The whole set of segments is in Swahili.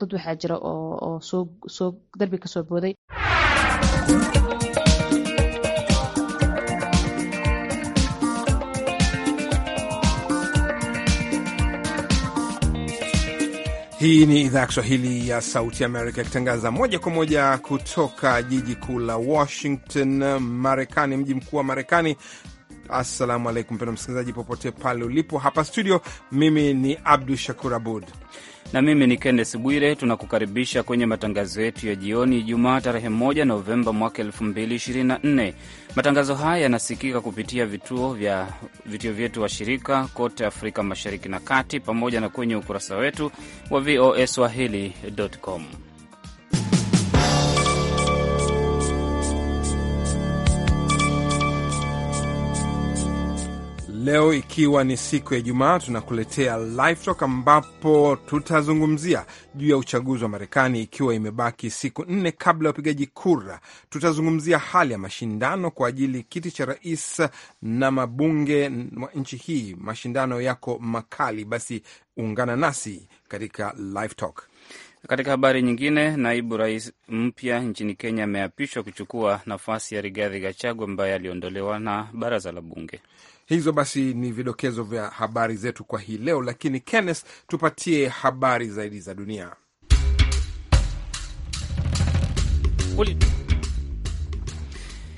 dad waxaa jira oo soo darbi kasoo booday Hii ni idhaa ya Kiswahili ya Sauti Amerika ikitangaza moja kwa moja kutoka jiji kuu la Washington, Marekani, mji mkuu wa Marekani. Assalamu alaikum, pendo msikilizaji, popote pale ulipo. Hapa studio, mimi ni Abdu Shakur Abud na mimi ni kennes Bwire. Tunakukaribisha kwenye matangazo yetu ya jioni, Ijumaa tarehe 1 Novemba mwaka 2024. Matangazo haya yanasikika kupitia vituo vya vituo vyetu washirika kote Afrika Mashariki na Kati, pamoja na kwenye ukurasa wetu wa VOA swahili.com. Leo ikiwa ni siku ya Ijumaa, tunakuletea Live Talk ambapo tutazungumzia juu ya uchaguzi wa Marekani ikiwa imebaki siku nne kabla ya upigaji kura. Tutazungumzia hali ya mashindano kwa ajili kiti cha rais na mabunge wa nchi hii. Mashindano yako makali, basi ungana nasi katika Live Talk. Katika habari nyingine, naibu rais mpya nchini Kenya ameapishwa kuchukua nafasi ya Rigathi Gachagua ambaye aliondolewa na baraza la bunge. Hizo basi ni vidokezo vya habari zetu kwa hii leo, lakini Kenneth, tupatie habari zaidi za dunia.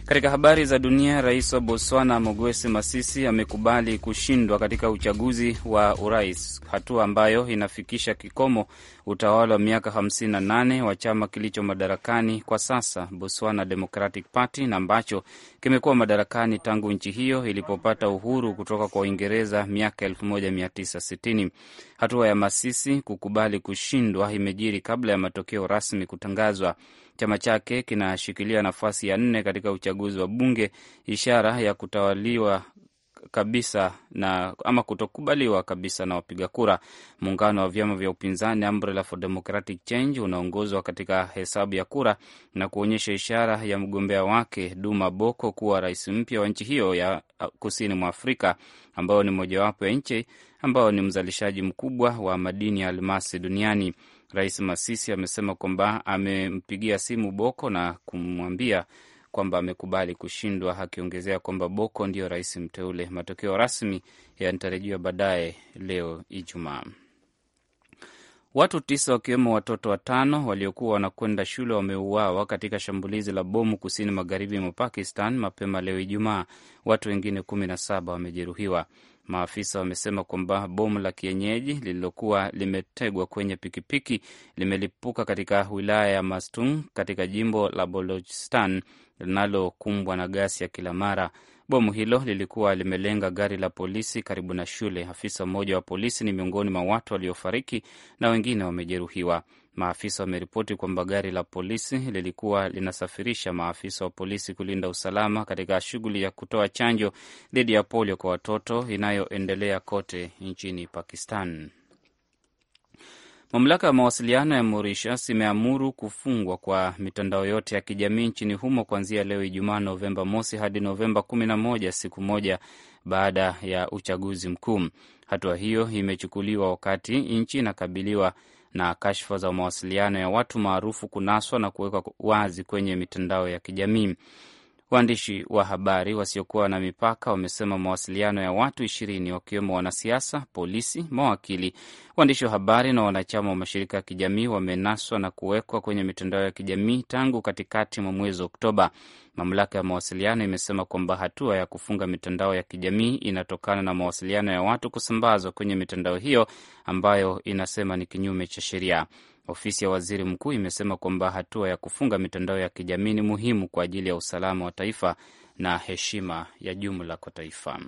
Katika habari za dunia, rais wa Botswana Mogwesi Masisi amekubali kushindwa katika uchaguzi wa urais, hatua ambayo inafikisha kikomo utawala wa miaka 58 wa chama kilicho madarakani kwa sasa Botswana Democratic Party na ambacho kimekuwa madarakani tangu nchi hiyo ilipopata uhuru kutoka kwa Uingereza miaka 1960. Hatua ya Masisi kukubali kushindwa imejiri kabla ya matokeo rasmi kutangazwa. Chama chake kinashikilia nafasi ya nne katika uchaguzi wa bunge, ishara ya kutawaliwa kabisa na ama kutokubaliwa kabisa na wapiga kura. Muungano wa vyama vya upinzani Umbrella for Democratic Change unaongozwa katika hesabu ya kura na kuonyesha ishara ya mgombea wake Duma Boko kuwa rais mpya wa nchi hiyo ya uh, kusini mwa Afrika, ambayo ni mojawapo ya nchi ambayo ni mzalishaji mkubwa wa madini ya almasi duniani. Rais Masisi amesema kwamba amempigia simu Boko na kumwambia kwamba amekubali kushindwa, akiongezea kwamba Boko ndiyo rais mteule. Matokeo rasmi yanatarajiwa baadaye leo Ijumaa. Watu tisa wakiwemo watoto watano waliokuwa wanakwenda shule wameuawa katika shambulizi la bomu kusini magharibi mwa Pakistan mapema leo Ijumaa. Watu wengine kumi na saba wamejeruhiwa. Maafisa wamesema kwamba bomu la kienyeji lililokuwa limetegwa kwenye pikipiki limelipuka katika wilaya ya Mastung katika jimbo la Balochistan linalokumbwa na gasi ya kila mara. Bomu hilo lilikuwa limelenga gari la polisi karibu na shule. Afisa mmoja wa polisi ni miongoni mwa watu waliofariki na wengine wamejeruhiwa. Maafisa wameripoti kwamba gari la polisi lilikuwa linasafirisha maafisa wa polisi kulinda usalama katika shughuli ya kutoa chanjo dhidi ya polio kwa watoto inayoendelea kote nchini Pakistan. Mamlaka ya mawasiliano ya Mauritius imeamuru kufungwa kwa mitandao yote ya kijamii nchini humo kuanzia leo Ijumaa Novemba mosi hadi Novemba 11, siku moja baada ya uchaguzi mkuu. Hatua hiyo imechukuliwa wakati nchi inakabiliwa na kashfa za mawasiliano ya watu maarufu kunaswa na kuwekwa wazi kwenye mitandao ya kijamii. Waandishi wa habari wasiokuwa na mipaka wamesema mawasiliano ya watu ishirini wakiwemo wanasiasa, polisi, mawakili, waandishi wa habari na wanachama wa mashirika ya kijamii wamenaswa na kuwekwa kwenye mitandao ya kijamii tangu katikati mwa mwezi Oktoba. Mamlaka ya mawasiliano imesema kwamba hatua ya kufunga mitandao ya kijamii inatokana na mawasiliano ya watu kusambazwa kwenye mitandao hiyo ambayo inasema ni kinyume cha sheria. Ofisi ya waziri mkuu imesema kwamba hatua ya kufunga mitandao ya kijamii ni muhimu kwa ajili ya usalama wa taifa na heshima ya jumla kwa taifa.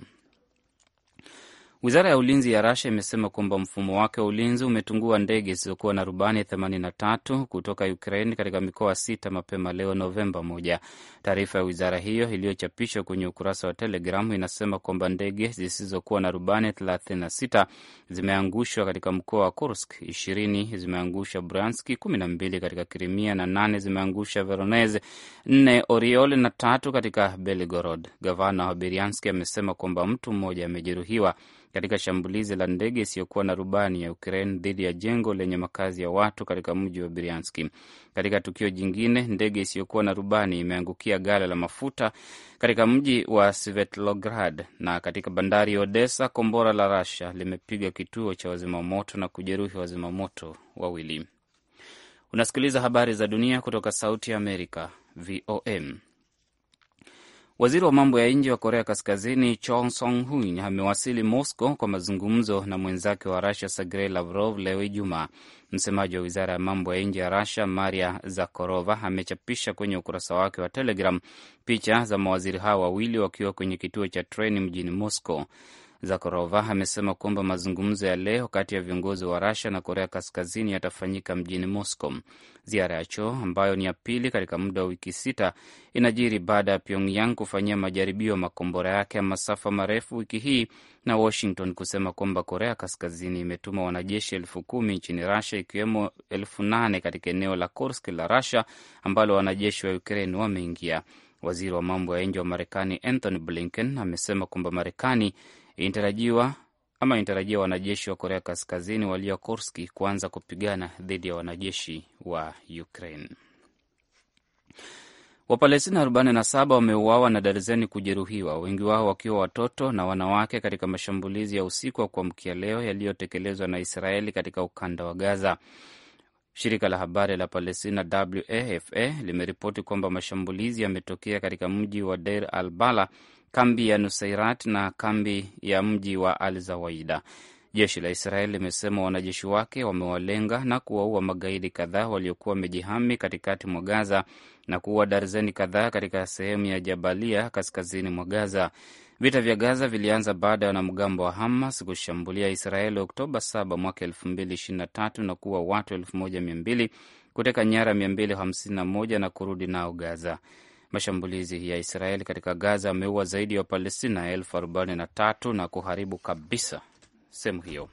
Wizara ya ulinzi ya Rasia imesema kwamba mfumo wake wa ulinzi umetungua ndege zisizokuwa na rubani 83 kutoka Ukraine katika mikoa sita mapema leo Novemba moja. Taarifa ya wizara hiyo iliyochapishwa kwenye ukurasa wa Telegram inasema kwamba ndege zisizokuwa na rubani 36 zimeangushwa katika mkoa wa Kursk, 20 zimeangusha Branski, 12 katika Krimia na 8 zimeangusha Veronese, 4 Oriol na tatu katika Belgorod. Gavana wa Berianski amesema kwamba mtu mmoja amejeruhiwa katika shambulizi la ndege isiyokuwa na rubani ya Ukraine dhidi ya jengo lenye makazi ya watu katika mji wa Brianski. Katika tukio jingine, ndege isiyokuwa na rubani imeangukia gala la mafuta katika mji wa Svetlograd, na katika bandari ya Odessa kombora la Russia limepiga kituo cha wazimamoto na kujeruhi wazimamoto wawili. Unasikiliza habari za dunia kutoka Sauti ya Amerika, VOM. Waziri wa mambo ya nje wa Korea Kaskazini chong song Hun amewasili Moscow kwa mazungumzo na mwenzake wa Rusia Sergei Lavrov leo Ijumaa. Msemaji wa wizara ya mambo ya nje ya Rusia Maria Zakharova amechapisha kwenye ukurasa wake wa Telegram picha za mawaziri hao wawili wakiwa kwenye kituo cha treni mjini Moscow. Zakharova amesema kwamba mazungumzo ya leo kati ya viongozi wa Russia na Korea Kaskazini yatafanyika mjini Moscow. Ziara ya Cho ambayo ni ya pili katika muda wa wiki sita inajiri baada ya Pyongyang kufanyia majaribio ya makombora yake ya masafa marefu wiki hii na Washington kusema kwamba Korea Kaskazini imetuma wanajeshi elfu kumi nchini Russia, ikiwemo elfu nane katika eneo la Kursk la rusia ambalo wanajeshi wa Ukraine wameingia. Waziri wa mambo ya nje wa Marekani Anthony Blinken amesema kwamba Marekani inatarajiwa ama inatarajia wanajeshi wa Korea Kaskazini walio Kursk kuanza kupigana dhidi ya wanajeshi wa Ukraine. Wapalestina 47 wameuawa na darzeni kujeruhiwa, wengi wao wakiwa watoto na wanawake katika mashambulizi ya usiku wa kuamkia leo yaliyotekelezwa na Israeli katika ukanda wa Gaza. Shirika la habari la Palestina WAFA limeripoti kwamba mashambulizi yametokea katika mji wa Deir al Bala kambi ya Nusairat na kambi ya mji wa Al Zawaida. Jeshi la Israel limesema wanajeshi wake wamewalenga na kuwaua magaidi kadhaa waliokuwa wamejihami katikati mwa Gaza na kuua darzeni kadhaa katika sehemu ya Jabalia kaskazini mwa Gaza. Vita vya Gaza vilianza baada ya wanamgambo wa Hamas kushambulia Israeli Oktoba 7 mwaka 2023 na kuua watu 1200 kuteka nyara 251 na kurudi nao Gaza. Mashambulizi ya Israeli katika Gaza yameua zaidi ya wa Wapalestina elfu arobaini na tatu na kuharibu kabisa sehemu hiyo.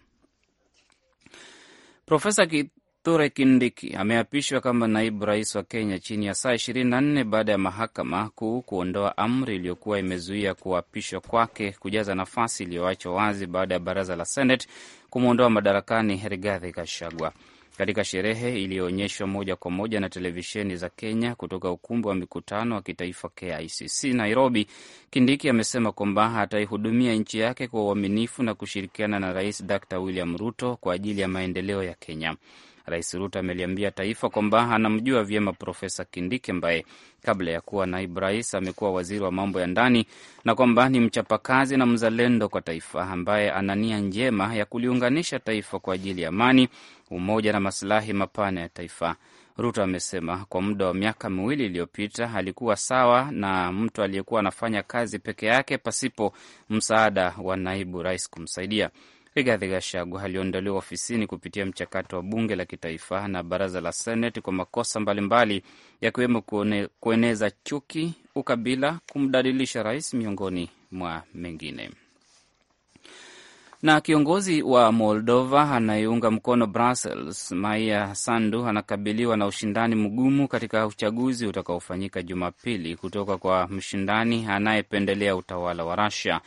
Profesa Kithure Kindiki ameapishwa kama naibu rais wa Kenya chini ya saa 24 baada ya mahakama kuu kuondoa amri iliyokuwa imezuia kuapishwa kwake kujaza nafasi iliyoachwa wazi baada ya baraza la Seneti kumwondoa madarakani Rigathi Gachagua katika sherehe iliyoonyeshwa moja kwa moja na televisheni za Kenya kutoka ukumbi wa mikutano wa kitaifa KICC Nairobi, Kindiki amesema kwamba ataihudumia nchi yake kwa uaminifu na kushirikiana na Rais Dr William Ruto kwa ajili ya maendeleo ya Kenya. Rais Ruto ameliambia taifa kwamba anamjua vyema Profesa Kindiki ambaye kabla ya kuwa naibu rais amekuwa waziri wa mambo ya ndani na kwamba ni mchapakazi na mzalendo kwa taifa ambaye ana nia njema ya kuliunganisha taifa kwa ajili ya amani, umoja na masilahi mapana ya taifa. Ruto amesema kwa muda wa miaka miwili iliyopita alikuwa sawa na mtu aliyekuwa anafanya kazi peke yake pasipo msaada wa naibu rais kumsaidia. Rigathi Gachagua aliondolewa ofisini kupitia mchakato wa bunge la kitaifa na baraza la seneti kwa makosa mbalimbali yakiwemo kueneza chuki, ukabila, kumdadilisha rais, miongoni mwa mengine. Na kiongozi wa Moldova anayeunga mkono Brussels, Maia Sandu, anakabiliwa na ushindani mgumu katika uchaguzi utakaofanyika Jumapili kutoka kwa mshindani anayependelea utawala wa Russia.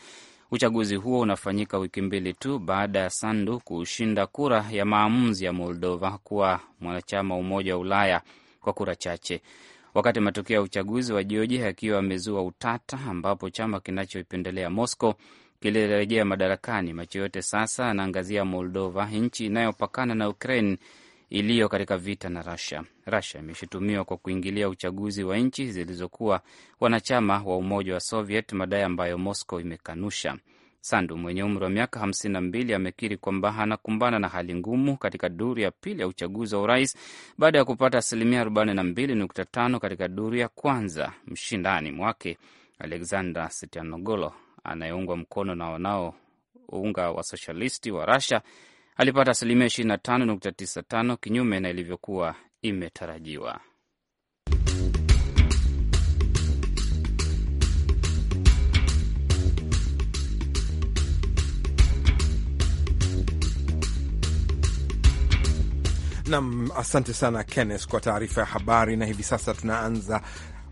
Uchaguzi huo unafanyika wiki mbili tu baada ya Sandu kushinda kura ya maamuzi ya Moldova kuwa mwanachama wa Umoja wa Ulaya kwa kura chache, wakati matokeo ya uchaguzi wa jioji yakiwa yamezua utata, ambapo chama kinachoipendelea Moscow kilirejea madarakani. Macho yote sasa anaangazia Moldova, nchi inayopakana na Ukraine iliyo katika vita na rasia rasia imeshutumiwa kwa kuingilia uchaguzi wa nchi zilizokuwa wanachama wa Umoja wa Soviet, madai ambayo Moscow imekanusha. Sandu mwenye umri wa miaka 52 amekiri kwamba anakumbana na hali ngumu katika duru ya pili ya uchaguzi wa urais baada ya kupata asilimia 42.5 katika duru ya kwanza. Mshindani mwake Alexander Sitianogolo anayeungwa mkono na wanaounga wasoshalisti wa Russia alipata asilimia 25.95 kinyume na ilivyokuwa imetarajiwa. Nam, asante sana Kenneth kwa taarifa ya habari. Na hivi sasa tunaanza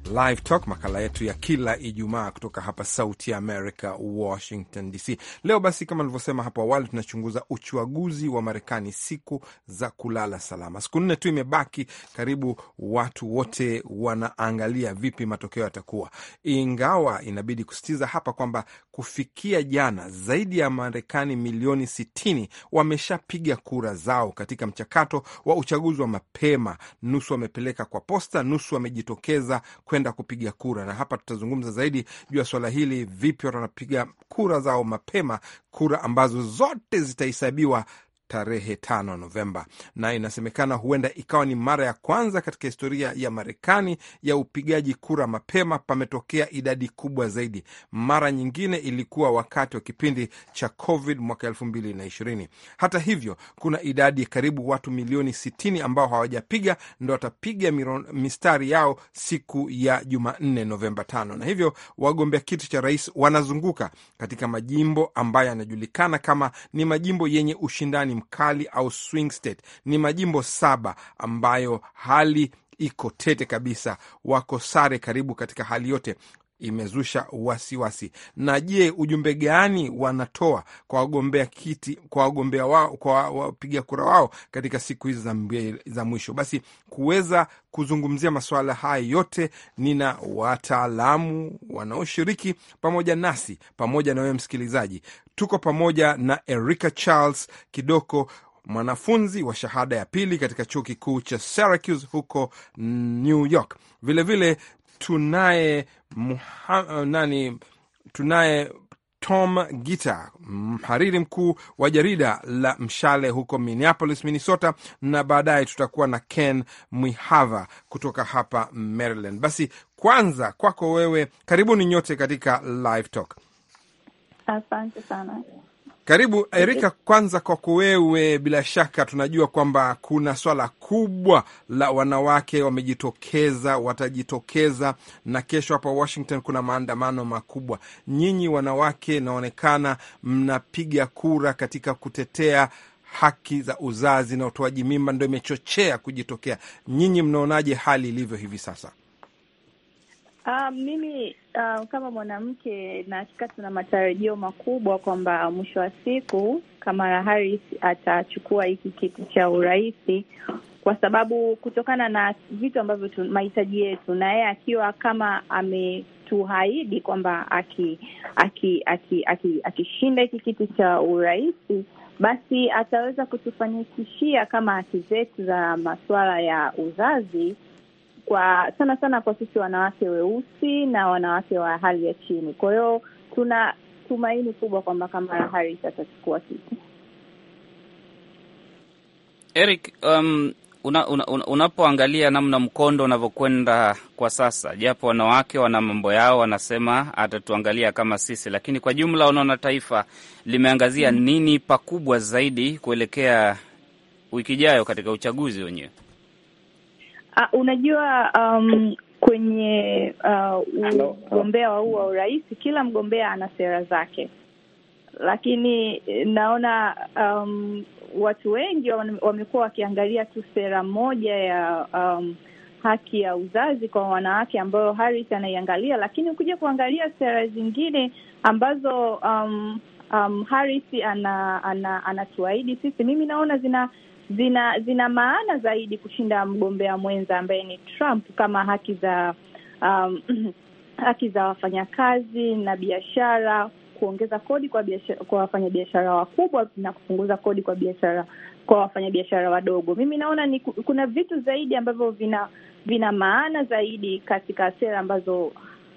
Live Talk, makala yetu ya kila Ijumaa kutoka hapa Sauti ya America, Washington DC. Leo basi, kama livyosema hapo awali, tunachunguza uchaguzi wa Marekani, siku za kulala salama. Siku nne tu imebaki, karibu watu wote wanaangalia vipi matokeo yatakuwa, ingawa inabidi kusitiza hapa kwamba kufikia jana zaidi ya Marekani milioni 60 wameshapiga kura zao katika mchakato wa uchaguzi wa mapema. Nusu wamepeleka kwa posta, nusu wamejitokeza kwenda kupiga kura, na hapa tutazungumza zaidi juu ya swala hili, vipi watu wanapiga kura zao mapema, kura ambazo zote zitahesabiwa tarehe 5 Novemba, na inasemekana huenda ikawa ni mara ya kwanza katika historia ya Marekani ya upigaji kura mapema pametokea idadi kubwa zaidi. Mara nyingine ilikuwa wakati wa kipindi cha COVID mwaka ishirini. Hata hivyo, kuna idadi karibu watu milioni 60 ambao hawajapiga, ndo watapiga mistari yao siku ya Jumanne Novemba tano, na hivyo wagombea kiti cha rais wanazunguka katika majimbo ambayo yanajulikana kama ni majimbo yenye ushindani mkali au swing state. Ni majimbo saba ambayo hali iko tete kabisa, wako sare karibu katika hali yote imezusha wasiwasi wasi. Na je, ujumbe gani wanatoa kwa wagombea kiti kwa wagombea wao kwa wapiga kura wao katika siku hizi za, za mwisho? Basi kuweza kuzungumzia masuala haya yote, nina wataalamu wanaoshiriki pamoja nasi, pamoja na wewe msikilizaji. Tuko pamoja na Erika Charles Kidoko mwanafunzi wa shahada ya pili katika chuo kikuu cha Syracuse huko New York. Vilevile tunaye eh, nani tunaye Tom Gita, mhariri mkuu wa jarida la Mshale huko Minneapolis, Minnesota, na baadaye tutakuwa na Ken Mwihava kutoka hapa Maryland. Basi kwanza kwako wewe, karibuni nyote katika Live Talk. Asante sana. Karibu eh, eh. Erika. Kwanza kwako wewe, bila shaka tunajua kwamba kuna swala kubwa la wanawake wamejitokeza, watajitokeza na kesho hapa Washington kuna maandamano makubwa. Nyinyi wanawake inaonekana mnapiga kura katika kutetea haki za uzazi na utoaji mimba, ndo imechochea kujitokea. Nyinyi mnaonaje hali ilivyo hivi sasa? Um, mimi uh, kama mwanamke hakika tuna matarajio makubwa kwamba mwisho wa siku Kamala Harris atachukua hiki kiti cha urais, kwa sababu kutokana na vitu ambavyo mahitaji yetu, na yeye akiwa kama ametuahidi kwamba akishinda aki, aki, aki, aki hiki kiti cha urais basi ataweza kutufanikishia kama haki zetu za masuala ya uzazi kwa sana sana kwa sisi wanawake weusi na wanawake wa hali ya chini. Kwa hiyo tuna tumaini kubwa kwamba Kamala Harris atachukua kiti. Eric, um, unapoangalia una, una namna mkondo unavyokwenda kwa sasa, japo wanawake wana mambo yao, wanasema atatuangalia kama sisi, lakini kwa jumla unaona taifa limeangazia mm. nini pakubwa zaidi kuelekea wiki ijayo katika uchaguzi wenyewe? Uh, unajua um, kwenye mgombea uh, huu wa urais kila mgombea ana sera zake, lakini eh, naona um, watu wengi wamekuwa wakiangalia tu sera moja ya um, haki ya uzazi kwa wanawake ambayo Harris anaiangalia, lakini ukija kuangalia sera zingine ambazo um, um, Harris ana, ana, sisi, mimi naona zina zina zina maana zaidi kushinda mgombea mwenza ambaye ni Trump, kama haki za um, haki za wafanyakazi na biashara, kuongeza kodi kwa biashara, kwa wafanyabiashara wakubwa na kupunguza kodi kwa biashara kwa wafanyabiashara wadogo. Mimi naona ni kuna vitu zaidi ambavyo vina vina maana zaidi katika sera ambazo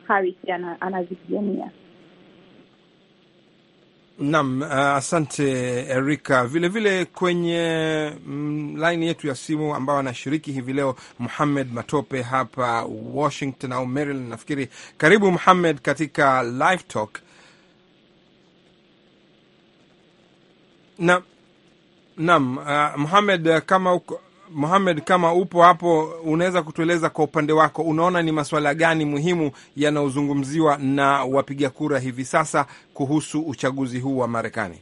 Harris anazipigania uh, asante Erika. Vilevile kwenye mm, laini yetu ya simu ambayo anashiriki hivi leo Muhamed Matope hapa Washington au Maryland nafikiri. Karibu Muhamed katika Live Talk na uh, Muhamed, uh, kama uko, Mohamed, kama upo hapo, unaweza kutueleza kwa upande wako, unaona ni masuala gani muhimu yanayozungumziwa na wapiga kura hivi sasa kuhusu uchaguzi huu wa Marekani?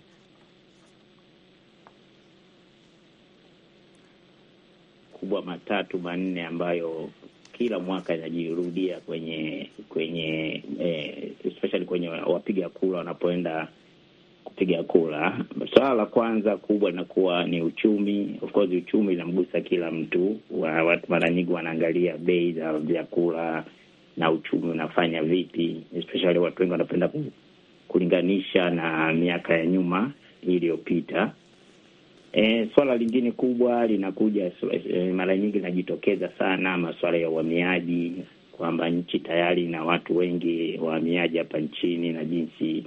kubwa matatu manne ambayo kila mwaka inajirudia kwenye kwenye eh, especially kwenye wapiga kura wanapoenda kupiga kura. Swala la kwanza kubwa inakuwa ni uchumi. Of course uchumi inamgusa kila mtu watu mara nyingi wanaangalia bei za vyakula na uchumi unafanya vipi, especially watu wengi wanapenda kulinganisha na miaka ya nyuma iliyopita. E, swala lingine kubwa linakuja e, mara nyingi linajitokeza sana masuala ya uhamiaji, kwamba nchi tayari na watu wengi wahamiaji hapa nchini na jinsi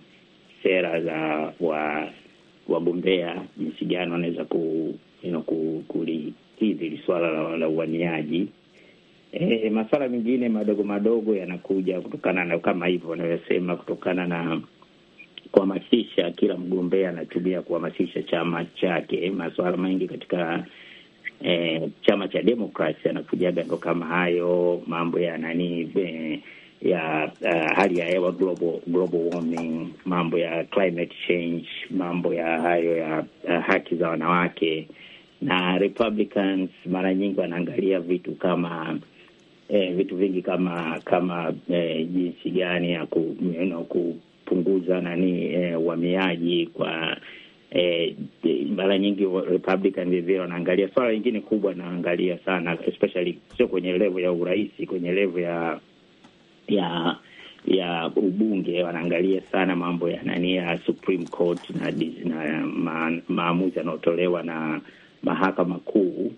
sera za wa wagombea jinsi gani wanaweza ku, you know, ku, kulihili swala la, la uaniaji. E, eh, masuala mengine madogo madogo yanakuja kutokana na kama hivyo wanavyosema, kutokana na kuhamasisha, kila mgombea anatumia kuhamasisha chama chake. Masuala mengi katika e, chama cha demokrasi anakujaga ndo kama hayo mambo ya nani e, ya uh, hali ya hewa global, global warming, mambo ya climate change, mambo ya hayo ya uh, haki za wanawake na Republicans mara nyingi wanaangalia vitu kama eh, vitu vingi kama kama eh, jinsi gani ya ku, you know, kupunguza nani eh, uhamiaji eh, kwa eh, mara nyingi Republican vilevile wanaangalia swala lingine kubwa, naangalia sana especially sio kwenye level ya urais, kwenye level ya ya ya ubunge wanaangalia sana mambo ya nani ya Supreme Court na, na ma, maamuzi yanayotolewa na mahakama kuu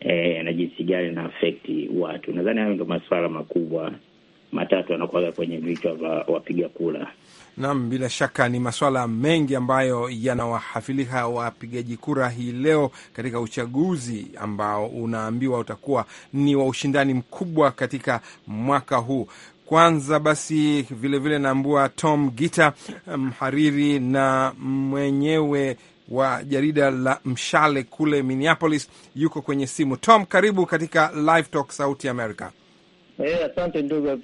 eh, na jinsi gani na affect watu. Nadhani hayo ndio masuala makubwa matatu yanakuwaga kwenye vichwa vya wapiga kura. Naam, bila shaka ni maswala mengi ambayo yanawahafilika wapigaji kura hii leo katika uchaguzi ambao unaambiwa utakuwa ni wa ushindani mkubwa katika mwaka huu. Kwanza basi vilevile vile naambua Tom Gita, mhariri na mwenyewe wa jarida la Mshale kule Minneapolis, yuko kwenye simu. Tom, karibu katika Live Talk Sauti America. Eh, asante ndugu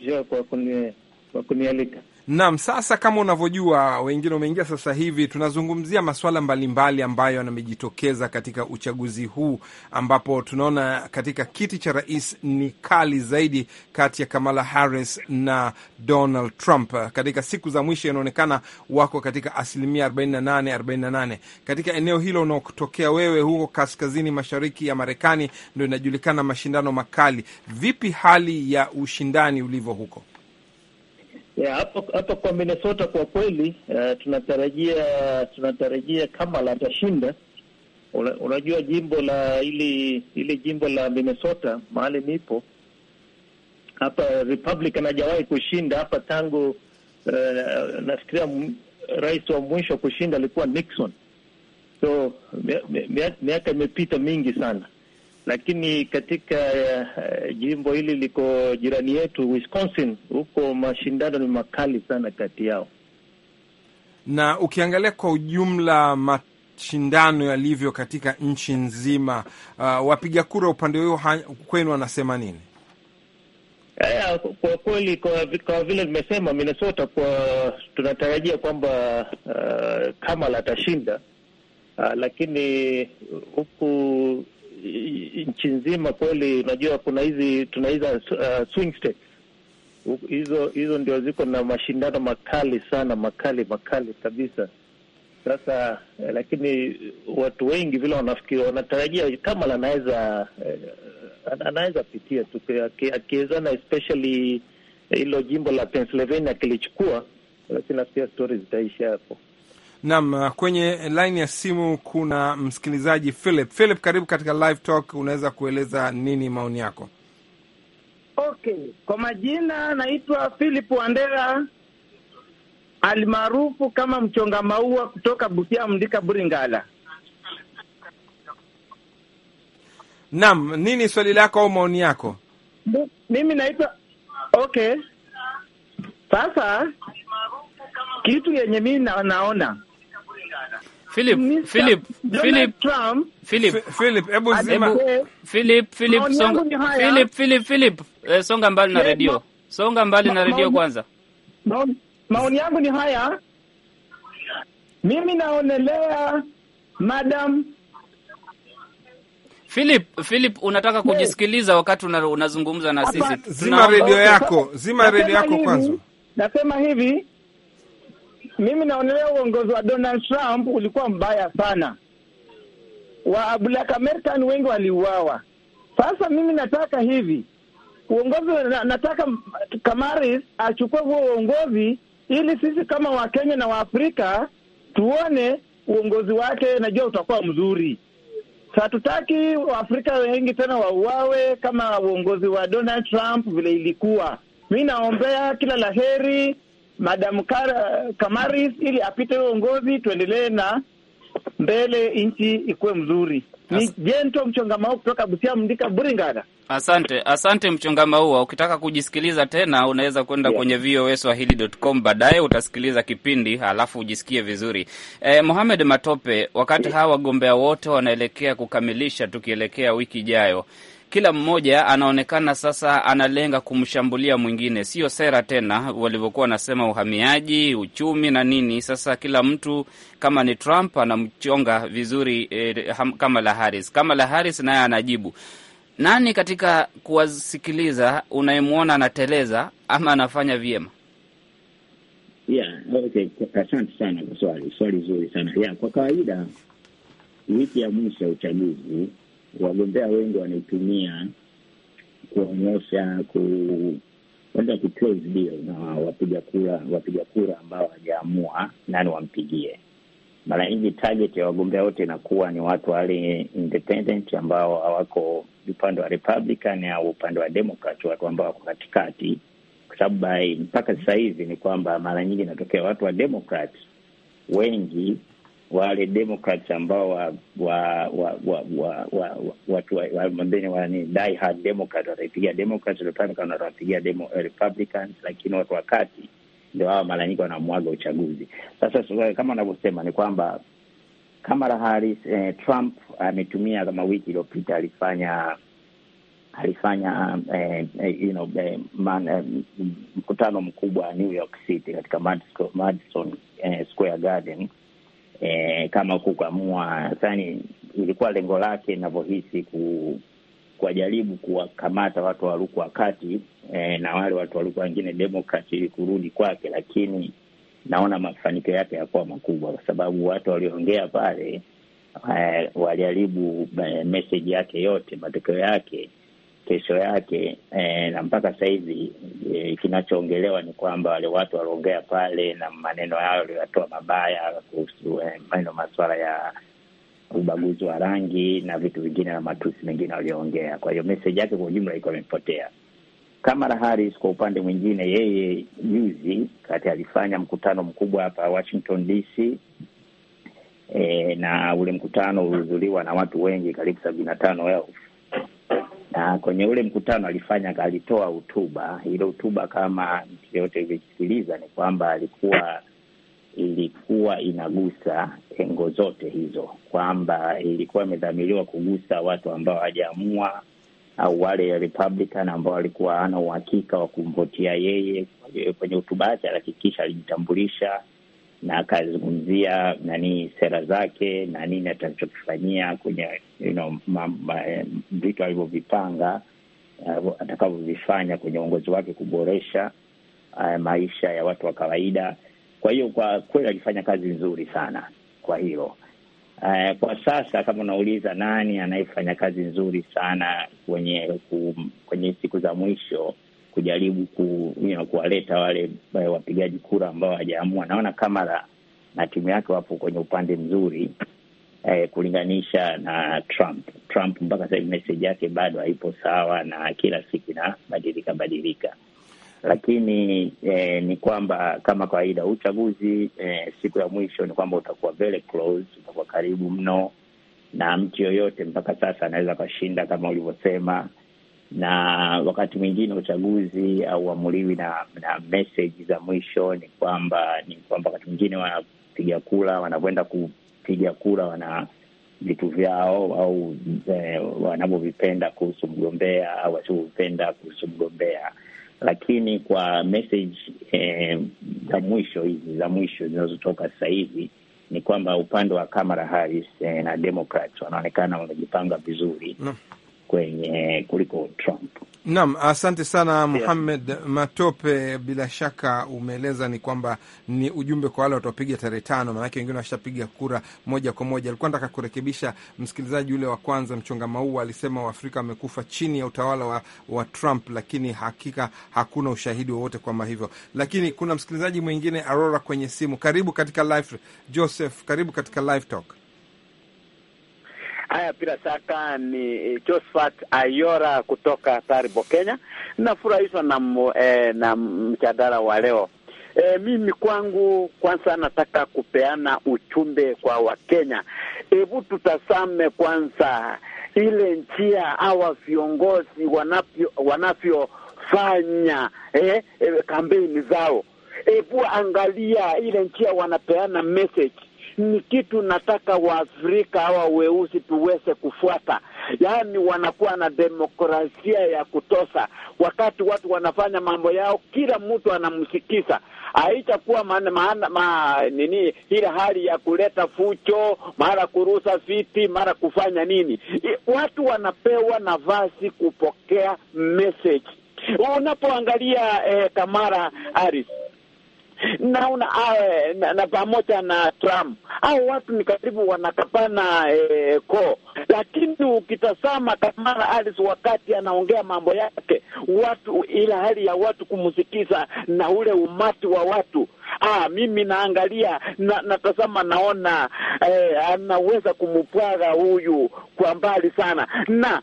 kwa kunialika. Naam, sasa kama unavyojua, wengine umeingia sasa hivi, tunazungumzia masuala mbalimbali ambayo yamejitokeza katika uchaguzi huu, ambapo tunaona katika kiti cha rais ni kali zaidi kati ya Kamala Harris na Donald Trump. Katika siku za mwisho inaonekana wako katika asilimia 48 48. Katika eneo hilo unaotokea wewe, huko kaskazini mashariki ya Marekani, ndo inajulikana mashindano makali. Vipi hali ya ushindani ulivyo huko? hapa hapo kwa Minnesota kwa kweli, uh, tunatarajia tunatarajia Kamala atashinda. unajua jimbo la ili ili jimbo la Minnesota mahali nipo hapa, Republican hajawahi kushinda hapa tangu uh, nafikiria rais wa mwisho kushinda alikuwa Nixon, so miaka imepita mingi sana lakini katika uh, jimbo hili liko jirani yetu Wisconsin, huko mashindano ni makali sana kati yao, na ukiangalia kwa ujumla mashindano yalivyo katika nchi nzima, uh, wapiga kura upande huo kwenu wanasema nini? Aya, eh, kwa kweli kwa, kwa vile nimesema Minnesota kwa tunatarajia kwamba uh, Kamala atashinda uh, lakini huku nchi nzima kweli. Unajua kuna hizi tunaiza uh, swing state hizo hizo ndio ziko na mashindano makali sana, makali makali kabisa. Sasa eh, lakini watu wengi vile wanafikiria, wanatarajia Kamala anaweza eh, anaweza pitia tu akiwezana, especially hilo jimbo la Pennsylvania akilichukua, lakini nafikiri stori zitaisha hapo. Naam, uh, kwenye laini ya simu kuna msikilizaji Philip. Philip, karibu katika Live Talk, unaweza kueleza nini maoni yako? Okay, kwa majina naitwa Philip Wandera almaarufu kama mchonga maua kutoka Busia Mndika Buringala. Naam, nini swali lako au maoni yako? Mimi naitwa okay. Sasa kitu yenye mimi naona Philip, Philip, Philip, Philip, eh, Philip, hebu zima. Philip, Philip, songa. Philip, Philip, Philip, songa mbali na redio. Songa mbali na redio kwanza. Maoni yangu ni haya. Mimi naonelea madam Philip, Philip unataka kujisikiliza wakati unazungumza na sisi. Zima redio yako, zima redio yako kwanza. Nasema hivi mimi naonelea uongozi wa Donald Trump ulikuwa mbaya sana, wa Black American wengi waliuawa. Sasa mimi nataka hivi uongozi na, nataka Kamaris achukue huo uongozi ili sisi kama Wakenya na Waafrika tuone uongozi wake, najua utakuwa mzuri. Hatutaki Waafrika wengi tena wauawe kama uongozi wa Donald Trump vile ilikuwa. Mi naombea kila laheri Madam Kamaris ili apite uongozi, tuendelee na mbele, nchi ikuwe mzuri. Ni Jento mau kutoka Busia, Mndika, Buringada. Asante, asante Mchongamaua. Ukitaka kujisikiliza tena unaweza kwenda yeah, kwenye VOA Swahili.com. Baadaye utasikiliza kipindi halafu ujisikie vizuri. E, Mohamed Matope, wakati yeah, hawa wagombea wote wanaelekea kukamilisha, tukielekea wiki ijayo kila mmoja anaonekana sasa analenga kumshambulia mwingine. Sio sera tena walivyokuwa wanasema uhamiaji, uchumi na nini. Sasa kila mtu kama ni Trump anamchonga vizuri eh, Kamala Harris. Kamala Harris naye anajibu. Nani katika kuwasikiliza unayemwona anateleza ama anafanya vyema? Yeah, okay. Asante sana kwa swali, swali zuri sana yeah. Kwa kawaida wiki ya mwisho ya uchaguzi wagombea wengi wanaitumia kuonyesha kuenda ku close deal na wapiga kura, wapiga kura ambao wajaamua nani wampigie. Mara nyingi target ya wagombea wote inakuwa ni watu wale independent ambao hawako upande wa Republican au upande wa Democrat, watu ambao wako katikati, kwa sababu mpaka sasa hivi ni kwamba mara nyingi inatokea watu wa Democrat wengi wale Democrats ambao wa wa wa wa wa wa watu wapambeni wa ni die hard Democrat wataipigia Democrats, Republican watawapigia eh, Republicans, lakini watu wa kati ndio hawa mara nyingi wanamwaga uchaguzi. Sasa eh, kama anavyosema ni kwamba Kamala Harris eh, Trump ametumia kama wiki iliyopita alifanya alifanya eh, eh, you know, eh, man, eh, mkutano mkubwa New York City katika Madison, Madison eh, Square Garden e, kama kukamua sani ilikuwa lengo lake inavyohisi ku kuwajaribu kuwakamata watu waluku wakati e, eh, na wale watu waliokuwa wengine demokrat ili kurudi kwake, lakini naona mafanikio yake yakuwa makubwa, kwa sababu watu walioongea pale e, eh, waliharibu e, meseji yake yote. Matokeo yake kesho yake e, na mpaka sahizi e, eh, kinachoongelewa ni kwamba wale watu waliongea pale na maneno hayo aliyoyatoa mabaya kuhusu eh, maneno masuala ya ubaguzi wa rangi na vitu vingine na matusi mengine walioongea. Kwa hiyo meseji yake kwa ujumla ilikuwa imepotea. kamara haris kwa upande mwingine, yeye juzi kati alifanya mkutano mkubwa hapa Washington DC e, na ule mkutano ulihudhuriwa na watu wengi karibu sabini na tano elfu na kwenye ule mkutano alifanya alitoa hutuba Ile hutuba kama mtu yoyote ilivyosikiliza ni kwamba alikuwa ilikuwa inagusa tengo zote hizo, kwamba ilikuwa imedhamiriwa kugusa watu ambao hawajaamua au wale Republican ambao walikuwa hana uhakika wa kumvotia yeye. Kwenye hutuba yake alihakikisha alijitambulisha na akazungumzia nani sera zake na nini atakachokifanyia kwenye you know, eh, vitu alivyovipanga uh, atakavyovifanya kwenye uongozi wake kuboresha uh, maisha ya watu wa kawaida. Kwa hiyo kwa kweli alifanya kazi nzuri sana kwa hilo. Uh, kwa sasa kama unauliza nani anayefanya kazi nzuri sana kwenye, kwenye siku za mwisho kujaribu ku, you know, kuwaleta wale eh, wapigaji kura ambao hawajaamua. Naona Kamala na timu yake wapo kwenye upande mzuri eh, kulinganisha na Trump. Trump mpaka sasa hivi meseji yake bado haipo sawa na kila siku inabadilika badilika, lakini eh, ni kwamba kama kawaida uchaguzi eh, siku ya mwisho ni kwamba utakuwa very close, utakuwa karibu mno na mtu yoyote mpaka sasa anaweza akashinda kama ulivyosema na wakati mwingine uchaguzi hauamuliwi na, na meseji za mwisho. Ni kwamba ni kwamba wakati mwingine wanapiga kura, wanakwenda kupiga kura, wana vitu vyao au eh, wanavyovipenda kuhusu mgombea au wasivyovipenda kuhusu mgombea, lakini kwa meseji eh, za mwisho hizi za mwisho zinazotoka sasa hivi ni kwamba upande wa Kamala Harris eh, na Democrats wanaonekana wamejipanga vizuri no kwenye kuliko Trump. Naam, asante sana Muhamed Matope, bila shaka umeeleza ni kwamba ni ujumbe kwa wale wataopiga tarehe tano, maanake wengine washapiga kura moja kwa moja. Alikuwa nataka kurekebisha msikilizaji ule wa kwanza, mchonga maua, alisema Waafrika wamekufa chini ya utawala wa, wa Trump, lakini hakika hakuna ushahidi wowote kwamba hivyo. Lakini kuna msikilizaji mwingine Arora kwenye simu. Karibu katika live, Joseph, karibu katika live talk. Haya, bila shaka ni eh, Josphat Ayora kutoka Taribo, Kenya. Nafurahishwa na, eh, na mjadala wa leo. E, mimi kwangu kwanza nataka kupeana uchumbe kwa Wakenya. Hebu tutazame kwanza ile njia hawa viongozi wanavyo wanavyofanya eh, eh, kampeni zao. Hebu angalia ile njia wanapeana message ni kitu nataka Waafrika hawa weusi tuweze kufuata, yaani wanakuwa na demokrasia ya kutosha. Wakati watu wanafanya mambo yao, kila mtu anamsikiza, haitakuwa maana ma, ma, nini ile hali ya kuleta fucho, mara kurusa viti, mara kufanya nini. Watu wanapewa nafasi kupokea message. Unapoangalia eh, Kamala Harris naona awe, na, na pamoja na Trump au watu ni karibu wanakapana eh, ko lakini ukitazama Kamala Harris wakati anaongea mambo yake, watu ila hali ya watu kumsikiza na ule umati wa watu ah, mimi naangalia na, natazama naona eh, anaweza kumpwaga huyu kwa mbali sana na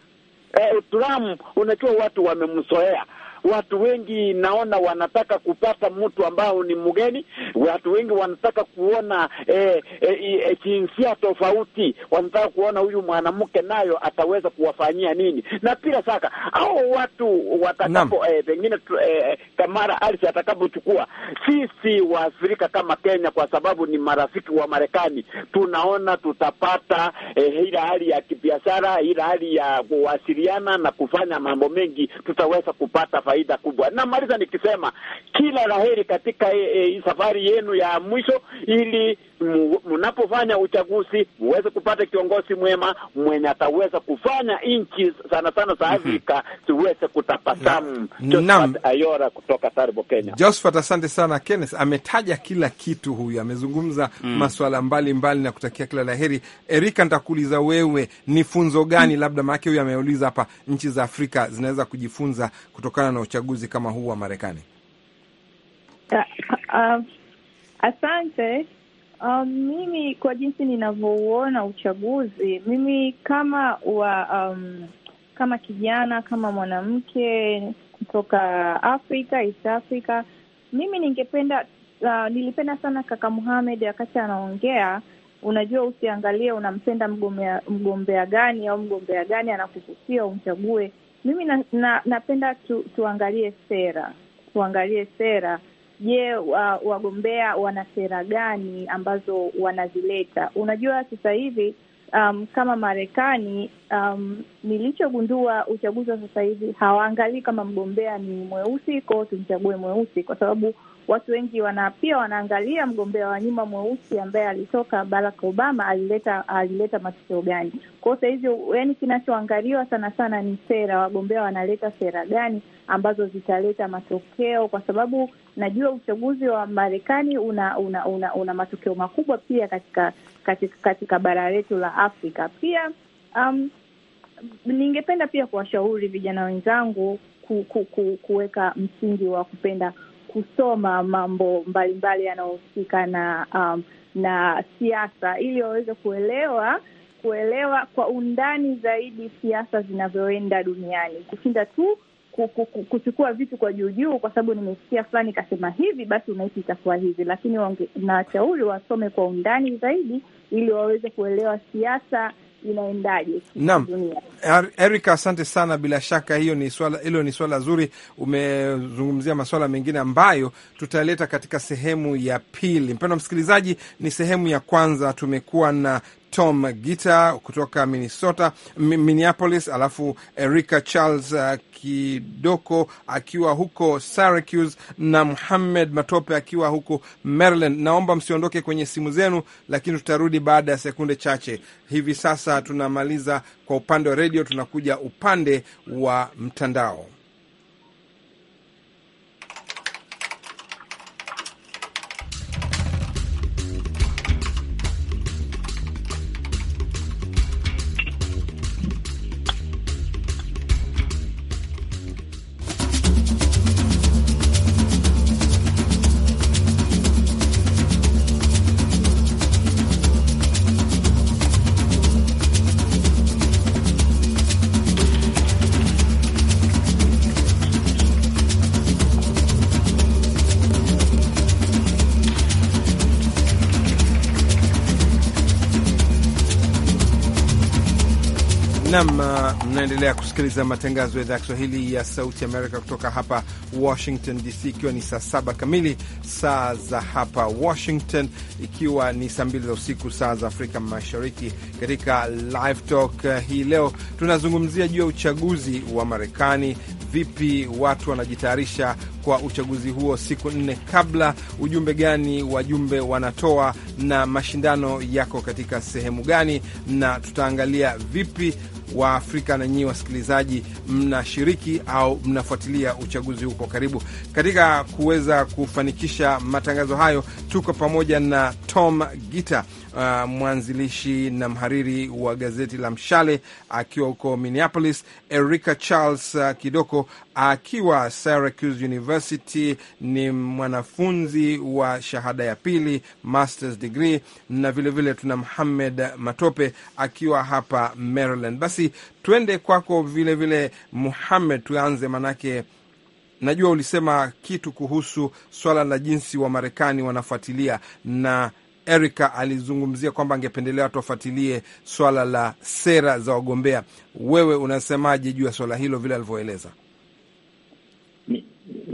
eh, Trump unajua watu wamemzoea Watu wengi naona wanataka kupata mtu ambao ni mgeni. Watu wengi wanataka kuona eh, eh, eh, tofauti, wanataka kuona huyu mwanamke nayo ataweza kuwafanyia nini, na pia saka au watu watakapo eh, pengine eh, eh, Kamara Harris atakapochukua, sisi waafrika kama Kenya, kwa sababu ni marafiki wa Marekani, tunaona tutapata eh, ile hali ya kibiashara, ile hali ya kuwasiliana na kufanya mambo mengi, tutaweza kupata faida faida kubwa. Namaliza nikisema kila laheri katika e, e, safari yenu ya mwisho, ili mnapofanya uchaguzi muweze kupata kiongozi mwema mwenye ataweza kufanya nchi sana sana za mhm. Afrika mm -hmm. ziweze kutabasamu. Ayora kutoka Taribo, Kenya. Josephat, asante sana. Kenneth ametaja kila kitu, huyu amezungumza mm. masuala mbalimbali na kutakia kila laheri. Erika, nitakuuliza wewe ni funzo gani mm. labda maake huyu ameuliza hapa, nchi za Afrika zinaweza kujifunza kutokana na uchaguzi kama huu wa Marekani? Uh, uh, asante. Um, mimi kwa jinsi ninavyouona uchaguzi, mimi kama wa um, kama kijana kama mwanamke kutoka Afrika, East Africa, mimi ningependa uh, nilipenda sana kaka Muhamed wakati anaongea. Unajua, usiangalie unampenda mgombea mgombea gani au mgombea gani anakuvutia umchague mimi na, na, napenda tu, tuangalie sera, tuangalie sera. Je, wa, wagombea wana sera gani ambazo wanazileta? Unajua sasa hivi um, kama Marekani um, nilichogundua uchaguzi wa sasa hivi hawaangalii kama mgombea ni mweusi ko tumchague mweusi, kwa sababu watu wengi wana pia wanaangalia mgombea wa nyuma mweusi ambaye alitoka Barack Obama alileta alileta matokeo gani kwao. Sahizi yani, kinachoangaliwa sana sana ni sera, wagombea wanaleta sera gani ambazo zitaleta matokeo, kwa sababu najua uchaguzi wa Marekani una una, una, una matokeo makubwa pia katika katika, katika bara letu la Afrika pia. Um, ningependa pia kuwashauri vijana wenzangu ku, ku, ku, kuweka msingi wa kupenda kusoma mambo mbalimbali yanayohusika na um, na siasa ili waweze kuelewa kuelewa kwa undani zaidi siasa zinavyoenda duniani, kushinda tu kuchukua vitu kwa juujuu, kwa sababu nimesikia fulani kasema hivi, basi unahisi itakuwa hivi. Lakini na wasome kwa undani zaidi, ili waweze kuelewa siasa inaendaje dunia. Erika, asante sana. Bila shaka hiyo ni swala, hilo ni swala zuri. Umezungumzia maswala mengine ambayo tutaleta katika sehemu ya pili. Mpendwa msikilizaji, ni sehemu ya kwanza tumekuwa na Tom Gita kutoka Minnesota, Minneapolis, alafu Erika Charles uh, Kidoko akiwa huko Syracuse na Muhammed Matope akiwa huko Maryland. Naomba msiondoke kwenye simu zenu, lakini tutarudi baada ya sekunde chache. Hivi sasa tunamaliza kwa upande wa redio, tunakuja upande wa mtandao. Nam, uh, mnaendelea kusikiliza matangazo ya idhaa ya Kiswahili ya Sauti Amerika kutoka hapa Washington DC, ikiwa ni saa saba kamili saa za hapa Washington, ikiwa ni saa mbili za usiku saa za Afrika Mashariki. Katika Live Talk uh, hii leo tunazungumzia juu ya uchaguzi wa Marekani, vipi watu wanajitayarisha kwa uchaguzi huo siku nne kabla, ujumbe gani wajumbe wanatoa na mashindano yako katika sehemu gani, na tutaangalia vipi wa afrika na nyinyi wasikilizaji, mnashiriki au mnafuatilia uchaguzi huu kwa karibu. Katika kuweza kufanikisha matangazo hayo, tuko pamoja na Tom Gita uh, mwanzilishi na mhariri wa gazeti la Mshale akiwa huko Minneapolis, Erika Charles uh, Kidoko akiwa Syracuse University, ni mwanafunzi wa shahada ya pili masters degree, na vilevile vile tuna Muhamed Matope akiwa hapa Maryland. Basi twende kwako vilevile Muhamed, tuanze manake najua ulisema kitu kuhusu swala la jinsi Wamarekani wanafuatilia na Erica alizungumzia kwamba angependelea watu wafuatilie swala la sera za wagombea. Wewe unasemaje juu ya swala hilo vile alivyoeleza?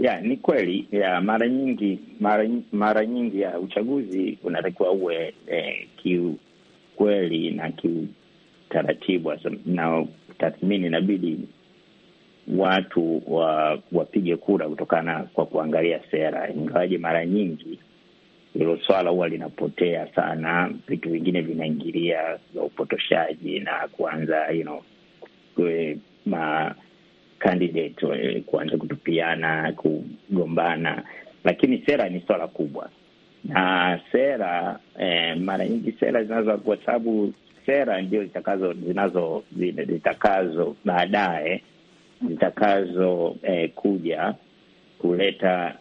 Ya, ni kweli ya, mara nyingi mara, mara nyingi ya uchaguzi unatakiwa uwe eh, kiukweli na kiutaratibu na tathmini, inabidi watu wa, wapige kura kutokana kwa kuangalia sera, ingawaje mara nyingi hilo swala huwa linapotea sana, vitu vingine vinaingilia vya upotoshaji na kuanza you know, ma candidate eh, kuanza kutupiana, kugombana, lakini sera ni swala kubwa na sera eh, mara nyingi sera zinazo kwa sababu sera ndio zitakazo zinazo zitakazo baadaye zitakazo eh, kuja kuleta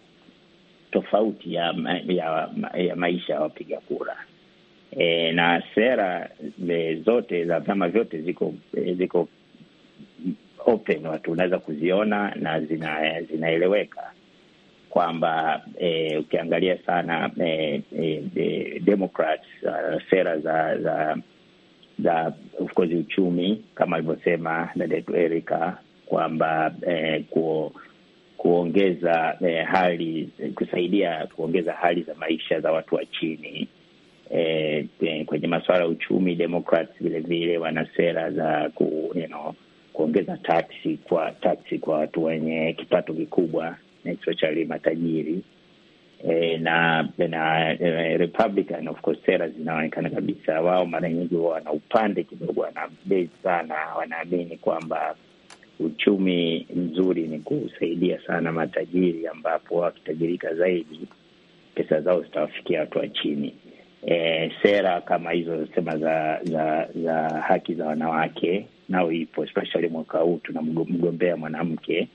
tofauti ya, ya, ya maisha ya wapiga kura e, na sera e, zote za vyama vyote ziko e, ziko open, watu unaweza kuziona na zina, zinaeleweka kwamba e, ukiangalia sana e, e, e Democrats uh, sera za za za of course uchumi kama alivyosema dada Erika kwamba eh, kuongeza eh, hali kusaidia kuongeza hali za maisha za watu wa chini. Eh, eh, kwenye masuala ya uchumi Democrats vilevile wana sera za ku, you know, kuongeza taksi kwa taksi kwa watu wenye kipato kikubwa na matajiri eh, na, na eh, Republican of course sera zinaonekana kabisa, wao mara nyingi wana upande kidogo, wana base sana, wanaamini kwamba uchumi mzuri ni kusaidia sana matajiri, ambapo wakitajirika zaidi pesa zao zitawafikia watu wa chini. E, sera kama hizo sema za za za haki za wanawake nao ipo, especially mwaka huu tuna mgombea mwanamke.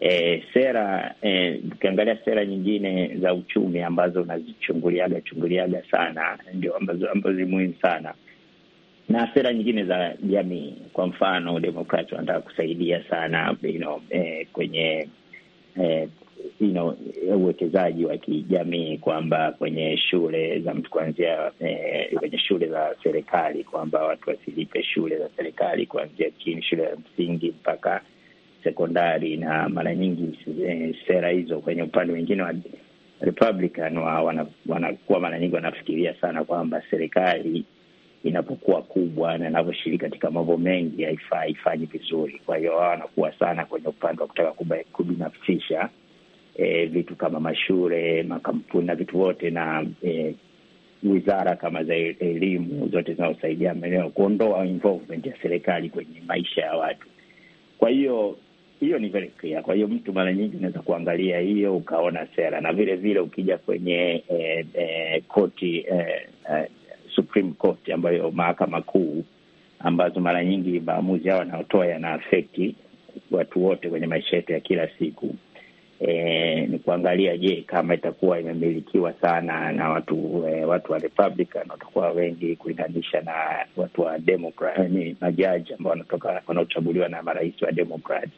E, sera e, ukiangalia sera nyingine za uchumi ambazo unazichunguliaga chunguliaga sana ndio ambazo ambazo ni muhimu sana na sera nyingine za jamii. Kwa mfano, Demokrati wanataka kusaidia sana you know, eh, kwenye eh, you know, uwekezaji wa kijamii kwamba kwenye shule za mtu kuanzia eh, kwenye shule za serikali kwamba watu wasilipe shule za serikali kuanzia chini, shule za msingi mpaka sekondari. Na mara nyingi eh, sera hizo kwenye upande mwingine wa Republican wanakuwa wana, mara nyingi wanafikiria sana kwamba serikali inapokuwa kubwa na inavyoshiriki katika mambo mengi haifanyi vizuri. Kwa hiyo wao wanakuwa sana kwenye upande wa kutaka kubinafsisha e, vitu kama mashule, makampuni na vitu vyote na e, wizara kama za elimu zote zinazosaidia maeneo kuondoa involvement ya serikali kwenye maisha ya watu. Kwa hiyo hiyo ni very clear. Kwa hiyo mtu mara nyingi unaweza kuangalia hiyo ukaona sera, na vile vile ukija kwenye eh, eh, koti eh, eh, Supreme Court ambayo mahakama kuu, ambazo mara nyingi maamuzi hao wanaotoa yanaafekti watu wote kwenye maisha yetu ya kila siku. E, ni kuangalia je, kama itakuwa imemilikiwa sana na watu e, watu wa Republican watakuwa wengi kulinganisha na watu wa Democrat, majaji ambao wanatoka wanaochaguliwa na marais wa Democrat.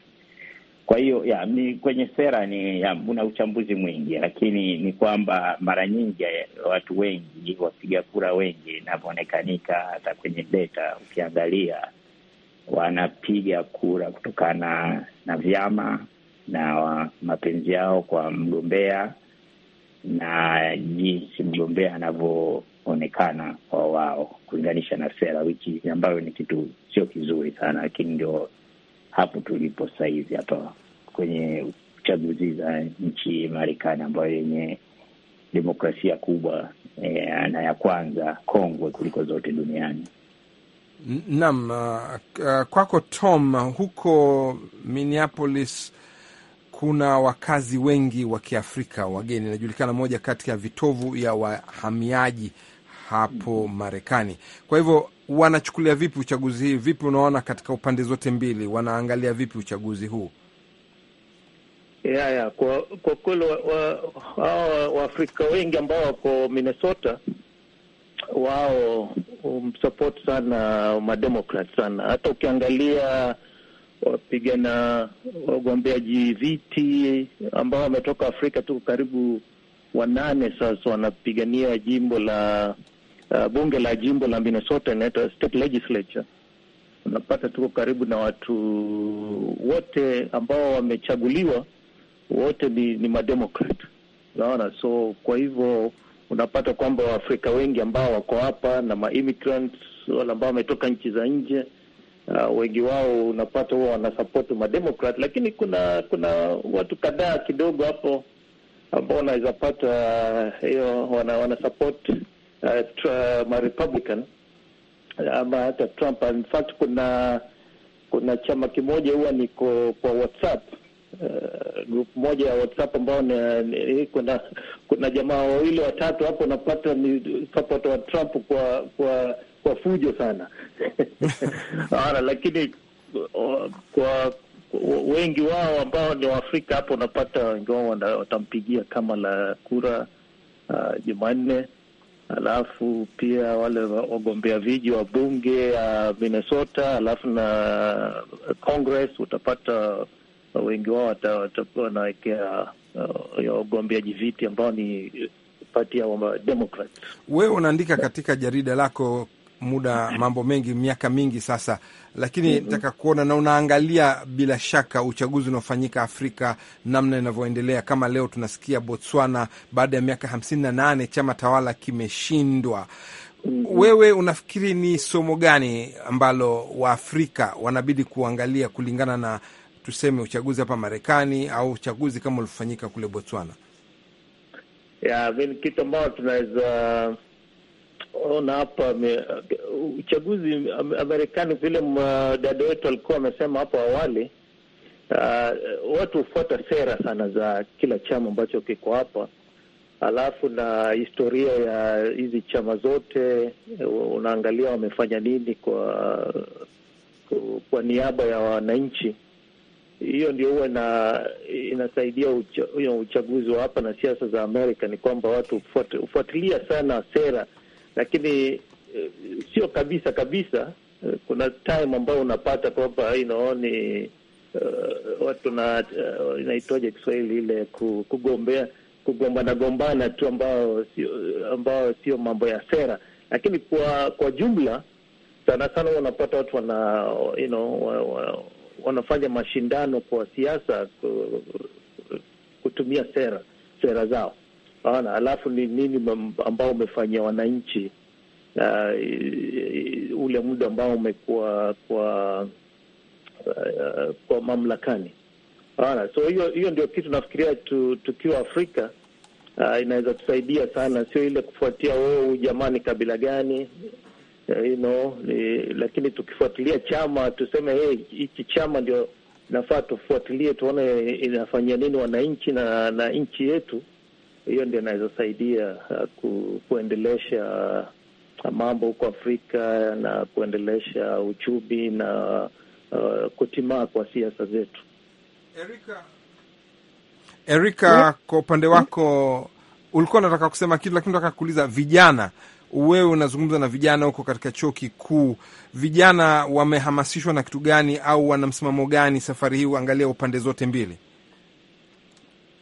Kwa hiyo ya, ni kwenye sera ni una uchambuzi mwingi, lakini ni kwamba mara nyingi eh, watu wengi, wapiga kura wengi, inavyoonekanika hata kwenye data ukiangalia, wanapiga kura kutokana na vyama na mapenzi yao kwa mgombea na jinsi mgombea anavyoonekana kwa wao kulinganisha na sera, wiki ambayo ni kitu sio kizuri sana, lakini ndio hapo tulipo sahizi hapa kwenye chaguzi za nchi Marekani ambayo yenye demokrasia kubwa eh, na ya kwanza kongwe kuliko zote duniani. Naam, uh, uh, kwako Tom, huko Minneapolis kuna wakazi wengi wa Kiafrika wageni, inajulikana moja kati ya vitovu ya wahamiaji hapo Marekani. Kwa hivyo wanachukulia vipi uchaguzi hii? Vipi unaona katika upande zote mbili, wanaangalia vipi uchaguzi huu? Yeah, yeah. Kwa kwa kweli hawa Waafrika wa, wengi ambao wako Minnesota wao humsupport sana mademokrat sana. Hata ukiangalia wapigana wagombeaji viti ambao wametoka Afrika, tuko karibu wanane sasa, wanapigania jimbo la uh, bunge la jimbo la Minnesota inaitwa state legislature. Unapata tuko karibu na watu wote ambao wamechaguliwa wote ni, ni mademokrat, unaona. So kwa hivyo unapata kwamba Waafrika wengi ambao wako hapa na maimmigrant wale ambao wametoka nchi za nje uh, wengi wao unapata huwa wanasapoti mademokrat, lakini kuna kuna watu kadhaa kidogo hapo ambao wanaweza pata eh, hiyo wanasapoti wana Uh, uh, ma Republican uh, ama hata Trump. In fact kuna kuna chama kimoja huwa niko kwa WhatsApp uh, group moja ya WhatsApp ambao ni, ni, kuna kuna jamaa wawili watatu hapo napata ni support wa Trump kwa kwa kwa fujo sana Ara, lakini o, uh, kwa wengi wao ambao ni Waafrika hapo napata wengi wao watampigia kama la kura uh, Jumanne alafu pia wale wagombea viji wa bunge ya ah, Minnesota, alafu na Congress utapata wengi wao watakuwa wanawekea ah, wagombeaji viti ambao ni pati ya Democrat. Wewe unaandika katika jarida lako muda mambo mengi miaka mingi sasa, lakini nataka mm -hmm. kuona na unaangalia bila shaka uchaguzi unaofanyika Afrika namna inavyoendelea. Kama leo tunasikia Botswana baada ya miaka hamsini na nane chama tawala kimeshindwa. Wewe unafikiri ni somo gani ambalo Waafrika wanabidi kuangalia kulingana na tuseme uchaguzi hapa Marekani au uchaguzi kama ulivyofanyika kule Botswana? Yeah, kitu ambayo tunaweza ona hapa uchaguzi Marekani, vile dada wetu alikuwa amesema hapo awali, uh, watu hufuata sera sana za kila chama ambacho kiko hapa, alafu na historia ya hizi chama zote, unaangalia wamefanya nini kwa kwa niaba ya wananchi. Hiyo ndio huwa na, inasaidia ucha, uchaguzi wa hapa na siasa za Amerika ni kwamba watu hufuatilia sana sera lakini eh, sio kabisa kabisa eh, kuna time ambayo unapata kwamba you know, ni uh, watu na uh, eh, inaitwaje Kiswahili ile kugombea kugombana gombana tu ambao sio ambao sio mambo ya sera, lakini kwa kwa jumla sana sana unapata watu wana you know, wa, wa, wanafanya mashindano kwa siasa kutumia sera sera zao. Ona, alafu ni nini ambao umefanyia wananchi uh, ule muda ambao umekuwa kwa uh, kwa mamlakani. Ona, so hiyo hiyo ndio kitu nafikiria tu, tukiwa Afrika uh, inaweza tusaidia sana, sio ile kufuatia oh, jamani kabila gani uh, you know, ni, lakini tukifuatilia chama tuseme hichi hey, chama ndio nafaa tufuatilie tuone inafanyia nini wananchi na, na nchi yetu hiyo ndio inawezosaidia uh, ku, kuendelesha uh, mambo huko Afrika na kuendelesha uchumi na uh, kutimaa kwa siasa zetu. Erika, Erika, hmm? kwa upande wako ulikuwa unataka kusema kitu, lakini nataka kuuliza vijana wewe unazungumza na vijana huko katika chuo kikuu, vijana wamehamasishwa na kitu gani au wana msimamo gani safari hii? Uangalia upande zote mbili.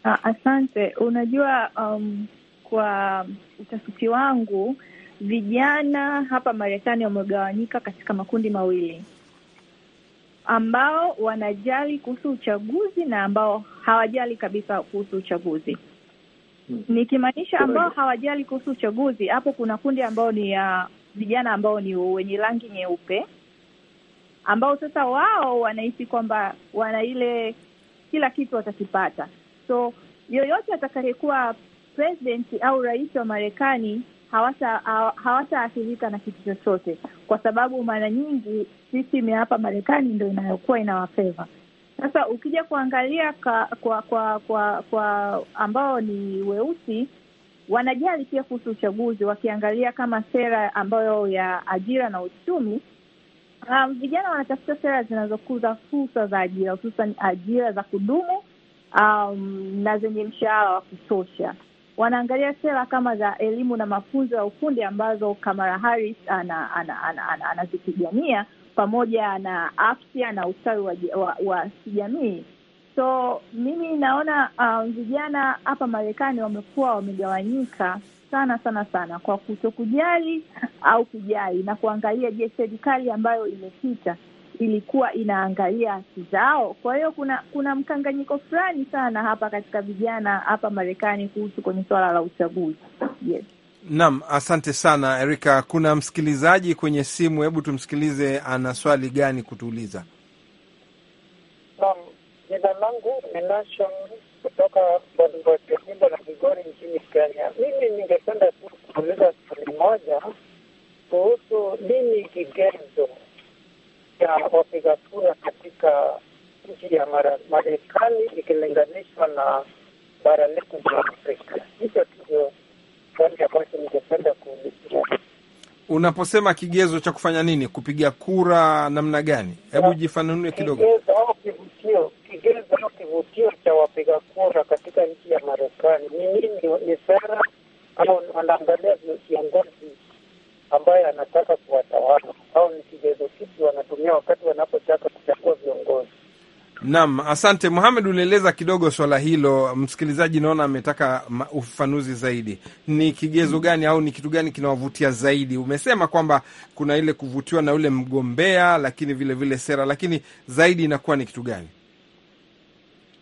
Ah, asante. Unajua, um, kwa utafiti wangu vijana hapa Marekani wamegawanyika katika makundi mawili, ambao wanajali kuhusu uchaguzi na ambao hawajali kabisa kuhusu uchaguzi. Hmm. Nikimaanisha ambao hawajali kuhusu uchaguzi, hapo kuna kundi ambao ni ya uh, vijana ambao ni wenye rangi nyeupe, ambao sasa wao wanahisi kwamba wana ile kila kitu watakipata So yoyote atakayekuwa president au rais wa Marekani hawataathirika na kitu chochote, kwa sababu mara nyingi system ya hapa Marekani ndo inayokuwa inawafeva. Sasa ukija kuangalia kwa, kwa, kwa, kwa, kwa ambao ni weusi wanajali pia kuhusu uchaguzi, wakiangalia kama sera ambayo ya ajira na uchumi. Um, vijana wanatafuta sera zinazokuza fursa za ajira, hususan ajira za kudumu um, na zenye mshahara wa kutosha. Wanaangalia sera kama za elimu na mafunzo ya ufundi ambazo Kamala Harris anazipigania pamoja na afya na ustawi wa, wa, wa kijamii. So mimi naona um, vijana hapa Marekani wamekuwa wamegawanyika sana sana sana kwa kutokujali au kujali na kuangalia, je, serikali ambayo imepita ilikuwa inaangalia haki zao. Kwa hiyo kuna kuna mkanganyiko fulani sana hapa katika vijana hapa Marekani kuhusu kwenye suala la uchaguzi. Yes. Naam, asante sana Erika. Kuna msikilizaji kwenye simu, hebu tumsikilize, ana swali gani kutuuliza? Naam, jina langu ni Nation kutoka jimbo la Migori nchini Kenya. Mimi ningependa tu kuuliza swali moja kuhusu dini kigezo ya wapiga kura katika nchi ya Marekani ikilinganishwa na bara letu la Afrika. Hicho ndicho kwanza ambacho ningependa kuulizia. Unaposema kigezo cha kufanya nini, kupiga kura namna gani? Hebu jifanunue kidogo. Kigezo au kivutio, kigezo au kivutio cha wapiga kura katika nchi ya Marekani ni nini? Ni sera au wanaangalia viongozi ambaye anataka kuwatawala au ni kigezo kipi wanatumia wakati wanapotaka kuchagua viongozi. Naam, asante Muhamed, ulieleza kidogo swala hilo. Msikilizaji naona ametaka ufafanuzi zaidi, ni kigezo gani au ni kitu gani kinawavutia zaidi? Umesema kwamba kuna ile kuvutiwa na ule mgombea, lakini vilevile vile sera, lakini zaidi inakuwa ni kitu gani?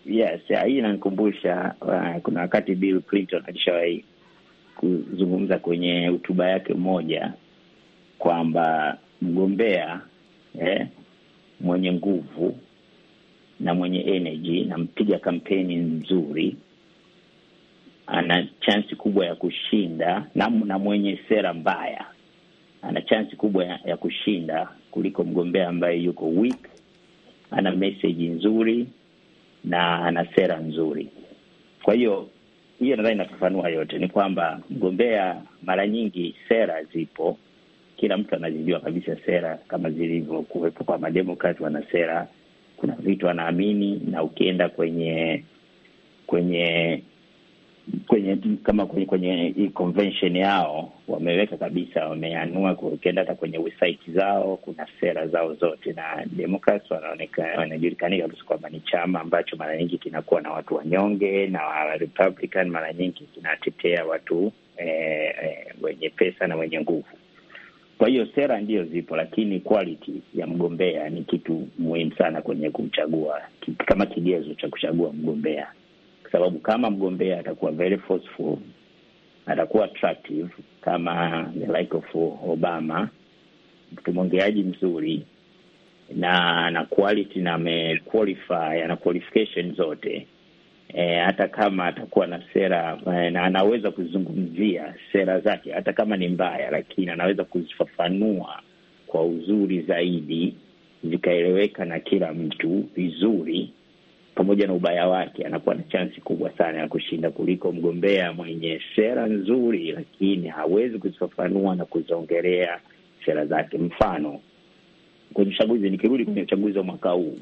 Yes, hii inanikumbusha uh, kuna wakati Bill Clinton alishawahi kuzungumza kwenye hotuba yake moja kwamba mgombea eh, mwenye nguvu na mwenye energy na mpiga kampeni nzuri ana chansi kubwa ya kushinda na, na mwenye sera mbaya ana chansi kubwa ya, ya kushinda kuliko mgombea ambaye yuko weak, ana meseji nzuri na ana sera nzuri. Kwa hiyo hiyo nadhani inafafanua yote, ni kwamba mgombea mara nyingi sera zipo kila mtu anajijua kabisa sera kama kuwepo kwa mademokrati, wana sera, kuna vitu wanaamini, na ukienda kwenye kwenye kwenye kama kwenye, kwenye convention yao wameweka kabisa, wameanua. Ukienda hata kwenye website zao kuna sera zao zote, na Democrats wanajulikana kabisa kwamba ni chama ambacho mara nyingi kinakuwa na watu wanyonge, na Republican mara nyingi kinatetea watu eh, eh, wenye pesa na wenye nguvu. Kwa hiyo sera ndiyo zipo, lakini quality ya mgombea ni kitu muhimu sana kwenye kumchagua, kama kigezo cha kuchagua mgombea, kwa sababu kama mgombea atakuwa very forceful, atakuwa attractive kama the like of Obama, mtumongeaji mzuri na na quality na ame qualify ana qualification zote, E, hata kama atakuwa na sera eh, na anaweza kuzungumzia sera zake, hata kama ni mbaya, lakini anaweza kuzifafanua kwa uzuri zaidi zikaeleweka na kila mtu vizuri, pamoja na ubaya wake, anakuwa na chansi kubwa sana ya kushinda kuliko mgombea mwenye sera nzuri, lakini hawezi kuzifafanua na kuziongelea sera zake. Mfano kwenye uchaguzi, nikirudi kwenye uchaguzi wa mwaka huu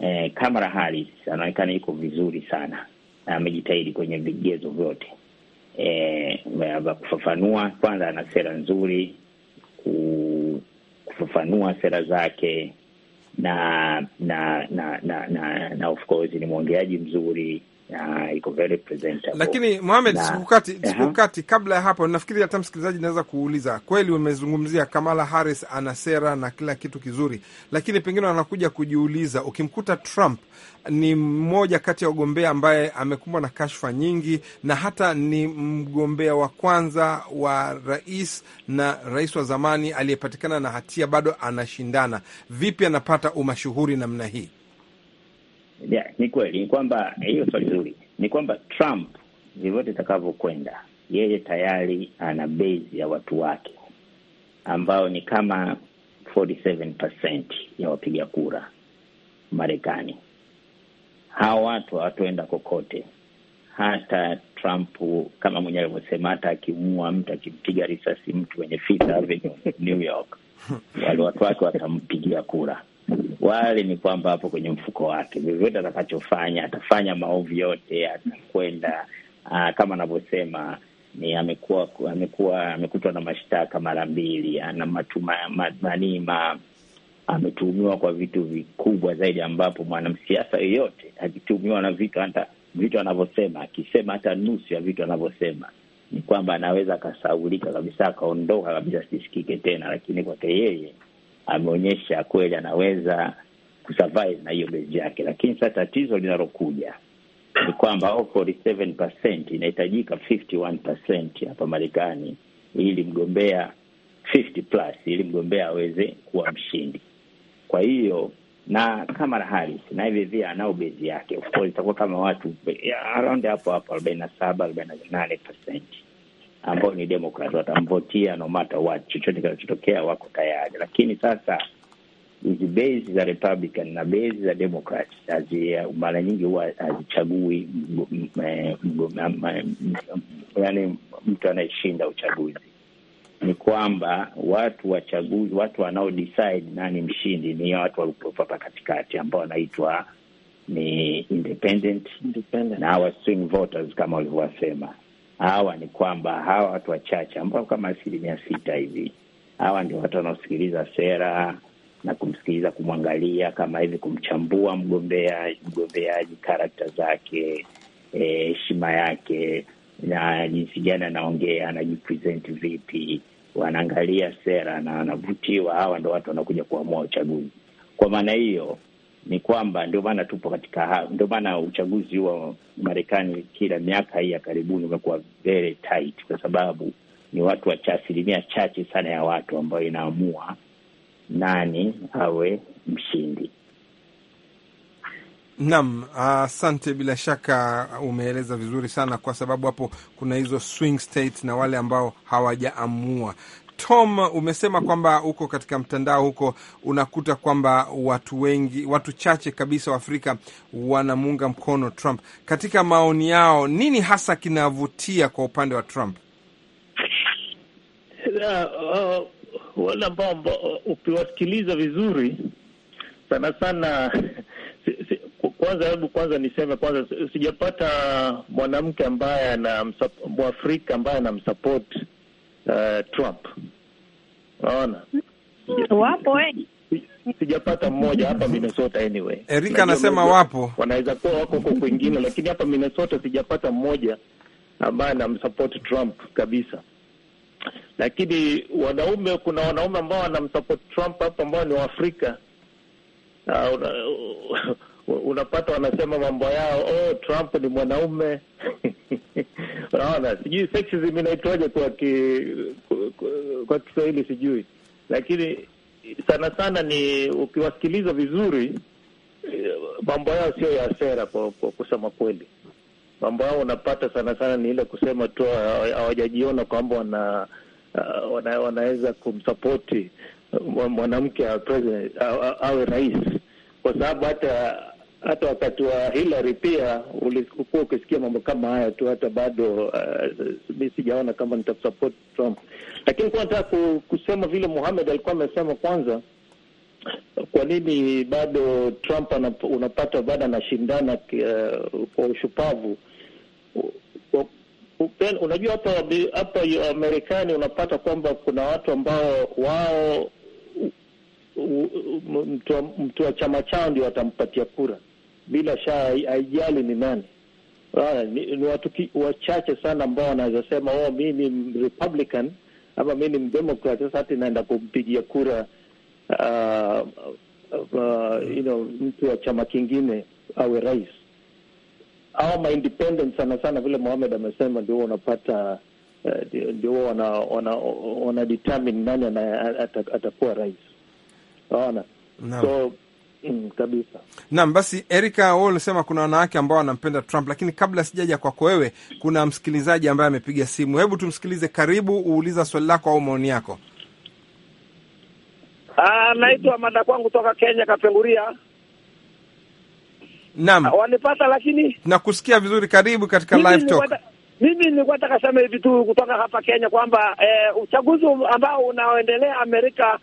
eh, Kamala Harris anaonekana yuko vizuri sana na amejitahidi kwenye vigezo vyote eh, vya kufafanua. Kwanza ana sera nzuri kufafanua sera zake na na na na, na, na of course ni mwongeaji mzuri iko very presentable. Lakini Mohamed, sikukati uh-huh. sikukati, kabla ya hapo, nafikiri hata msikilizaji naweza kuuliza, kweli umezungumzia Kamala Harris ana sera na kila kitu kizuri, lakini pengine wanakuja kujiuliza, ukimkuta Trump ni mmoja kati ya wagombea ambaye amekumbwa na kashfa nyingi, na hata ni mgombea wa kwanza wa rais na rais wa zamani aliyepatikana na hatia bado anashindana. Vipi anapata umashuhuri namna hii? yeah, ni kweli kwamba eh, hiyo swali zuri ni kwamba Trump vyovyote itakavyokwenda, yeye tayari ana base ya watu wake ambao ni kama 47% ya wapiga kura Marekani. Hawa watu hawatoenda kokote, hata Trump kama mwenyewe alivyosema, hata akimua mtu, akimpiga risasi mtu kwenye vita Avenue New York, wale watu wake watampigia kura wale ni kwamba hapo kwenye mfuko wake, vyovyote atakachofanya atafanya maovu yote, atakwenda ah, kama anavyosema ni amekuwa amekuwa amekutwa na mashtaka mara mbili, ana matumaanima ametuhumiwa kwa vitu vikubwa zaidi, ambapo mwanamsiasa yoyote akituhumiwa na vitu hata vitu anavyosema akisema hata nusu ya vitu anavyosema ni kwamba anaweza akasaulika kabisa, akaondoka kabisa, sisikike tena, lakini kwake yeye ameonyesha kweli anaweza kusurvive na hiyo bezi yake, lakini sasa tatizo linalokuja ni kwamba 47% inahitajika 51% hapa Marekani ili mgombea 50 plus ili mgombea aweze kuwa mshindi. Kwa hiyo na Kamala Harris naye vilevile anao bezi yake, of course itakuwa kama watu eh, around hapo hapo 47 48% ambao ni Democrat watamvotia no matter what, chochote kinachotokea wako tayari. Lakini sasa hizi besi za Republican na base za Demokrat mara nyingi huwa hazichagui yani mtu anayeshinda uchaguzi. Ni kwamba watu wachaguzi, watu wanaodecide nani mshindi ni watu walikuwepo katikati ambao wanaitwa ni independent, independent na swing voters kama walivyowasema hawa ni kwamba hawa watu wachache ambao kama asilimia sita hivi, hawa ndio watu wanaosikiliza sera na kumsikiliza, kumwangalia kama hivi, kumchambua mgombea mgombeaji, karakta zake, e, heshima yake na jinsi gani anaongea, anajipresenti vipi, wanaangalia sera na wanavutiwa. Hawa ndo watu wanakuja kuamua uchaguzi. Kwa maana hiyo ni kwamba ndio maana tupo katika, ndio maana uchaguzi wa Marekani kila miaka hii ya karibuni umekuwa very tight, kwa sababu ni watu wacha asilimia chache sana ya watu ambayo inaamua nani awe mshindi. Naam, asante. Uh, bila shaka umeeleza vizuri sana, kwa sababu hapo kuna hizo swing na wale ambao hawajaamua. Tom, umesema kwamba uko katika mtandao huko, unakuta kwamba watu wengi, watu chache kabisa wa Afrika wanamuunga mkono Trump. Katika maoni yao, nini hasa kinavutia kwa upande wa Trump? Uh, wale ambao uh, ukiwasikiliza vizuri sana sana kwanza hebu kwanza niseme kwanza, sijapata mwanamke ambaye ana Mwafrika ambaye anamsupport uh, Trump. Naona wapo wengi eh? sijapata mmoja hapa Minnesota. Anyway, Erika anasema wapo, wanaweza kuwa wako huko kwingine, lakini hapa Minnesota sijapata mmoja ambaye anamsupport Trump kabisa. Lakini wanaume, kuna wanaume ambao wanamsupport Trump hapa ambao ni Waafrika ah, unapata wanasema mambo yao, oh, Trump ni mwanaume unaona sijui sexism inaitwaje kwa ki, kwa Kiswahili sijui, lakini sana sana ni ukiwasikiliza vizuri mambo yao sio ya sera. Kwa, kwa kusema kweli, mambo yao unapata sana sana ni ile kusema tu hawajajiona kwamba wana, uh, wana, wanaweza kumsapoti uh, mwanamke awe rais, kwa sababu hata hata wakati wa Hillary pia ulikuwa ukisikia mambo kama haya tu, hata bado uh, mi sijaona kama nitasupport Trump, lakini kuwa nataka kusema vile Muhamed alikuwa amesema kwanza, kwa nini bado Trump anap, unapata bado anashindana uh, kwa ushupavu Upen, unajua hapa hapa Marekani unapata kwamba kuna watu ambao wao mtu wa chama chao ndio watampatia kura, bila shaka haijali ni nani. Ni, ni watu wachache sana ambao wanaweza sema oh, mi ni Republican ama mi ni Democrat, sasa hati naenda kumpigia kura uh, uh, uh, you know, mtu wa chama kingine awe rais au ma independent sana sana, vile Mohamed amesema, ndio unapata uh, ndio uh, wana, wana, wana determine nani atakuwa rais. Naona so Mm, kabisa. Naam, basi Erika, wewe ulisema kuna wanawake ambao wanampenda Trump, lakini kabla sijaja kwako wewe, kuna msikilizaji ambaye amepiga simu. Hebu tumsikilize. Karibu, uuliza swali lako au maoni yako. Ah, naitwa mada kwangu toka Kenya, Kapenguria. Naam, ah, wanipata lakini nakusikia vizuri. Karibu katika live talk. Mimi nilikuwa nataka sema hivi tu kutoka hapa Kenya kwamba eh, uchaguzi ambao unaoendelea Amerika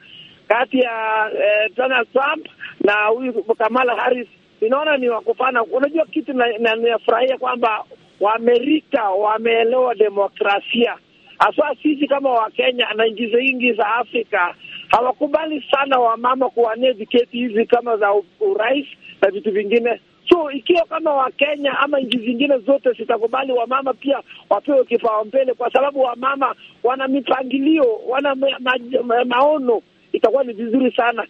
kati ya eh, Donald Trump na huyu Kamala Harris, inaona ni wakupana. Unajua kitu nafurahia na kwamba Waamerika wameelewa demokrasia, hasa sisi kama Wakenya na nchi zingi za Afrika hawakubali sana wamama kuwania viketi hizi kama za urais na vitu vingine. So ikiwa kama Wakenya ama nchi zingine zote zitakubali wamama pia wapewe kipaumbele, kwa sababu wamama wana mipangilio, wana ma ma ma maono, itakuwa ni vizuri sana.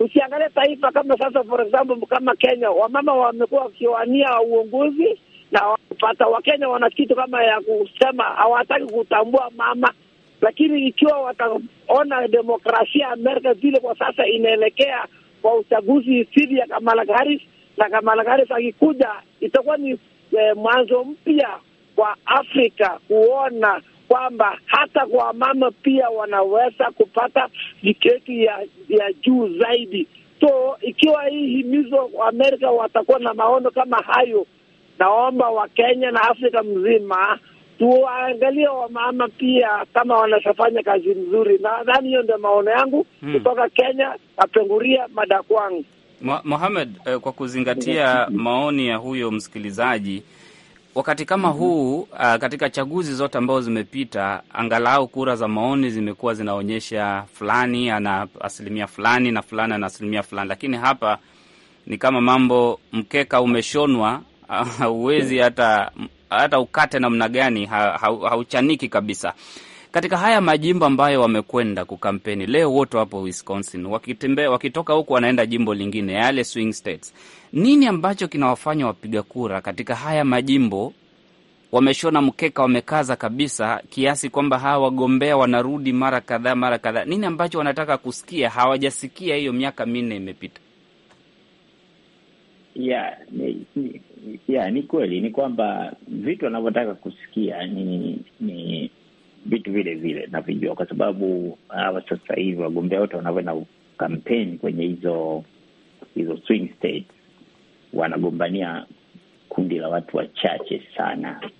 Usiangalie taifa kama sasa, for example, kama Kenya, wamama wamekuwa wakiwania uongozi na wapata Wakenya wana kitu kama ya kusema, hawataki kutambua mama, lakini ikiwa wataona demokrasia Amerika vile kwa sasa inaelekea kwa uchaguzi dhidi ya Kamala Harris, na Kamala Harris akikuja itakuwa ni eh, mwanzo mpya kwa Afrika kuona kwamba hata mama pia wanaweza kupata viketi ya, ya juu zaidi. So ikiwa hii himizo Amerika watakuwa na maono kama hayo, naomba Wakenya na Afrika mzima tuwaangalia wamama pia kama wanashafanya kazi nzuri. Nadhani hiyo ndio maono yangu hmm. kutoka Kenya. Napenguria mada kwangu Mohamed, eh, kwa kuzingatia maoni ya huyo msikilizaji wakati kama mm -hmm. huu uh, katika chaguzi zote ambazo zimepita, angalau kura za maoni zimekuwa zinaonyesha fulani ana asilimia fulani na fulani ana asilimia fulani, lakini hapa ni kama mambo mkeka umeshonwa, hauwezi uh, hata hata ukate namna gani, hauchaniki ha, ha, kabisa katika haya majimbo ambayo wamekwenda kukampeni leo, wote wapo Wisconsin, wakitembea wakitoka huku wanaenda jimbo lingine, yale swing states. Nini ambacho kinawafanya wapiga kura katika haya majimbo wameshona mkeka, wamekaza kabisa, kiasi kwamba hawa wagombea wanarudi mara kadhaa mara kadhaa? Nini ambacho wanataka kusikia hawajasikia hiyo miaka minne imepita? Yeah, yeah, ni kweli ni kwamba vitu wanavyotaka kusikia ni ni vitu vile vile navijua, kwa sababu ah, hawa sasa hivi wagombea wote wanavyoenda kampeni kwenye hizo hizo swing states wanagombania kundi la watu wachache sana,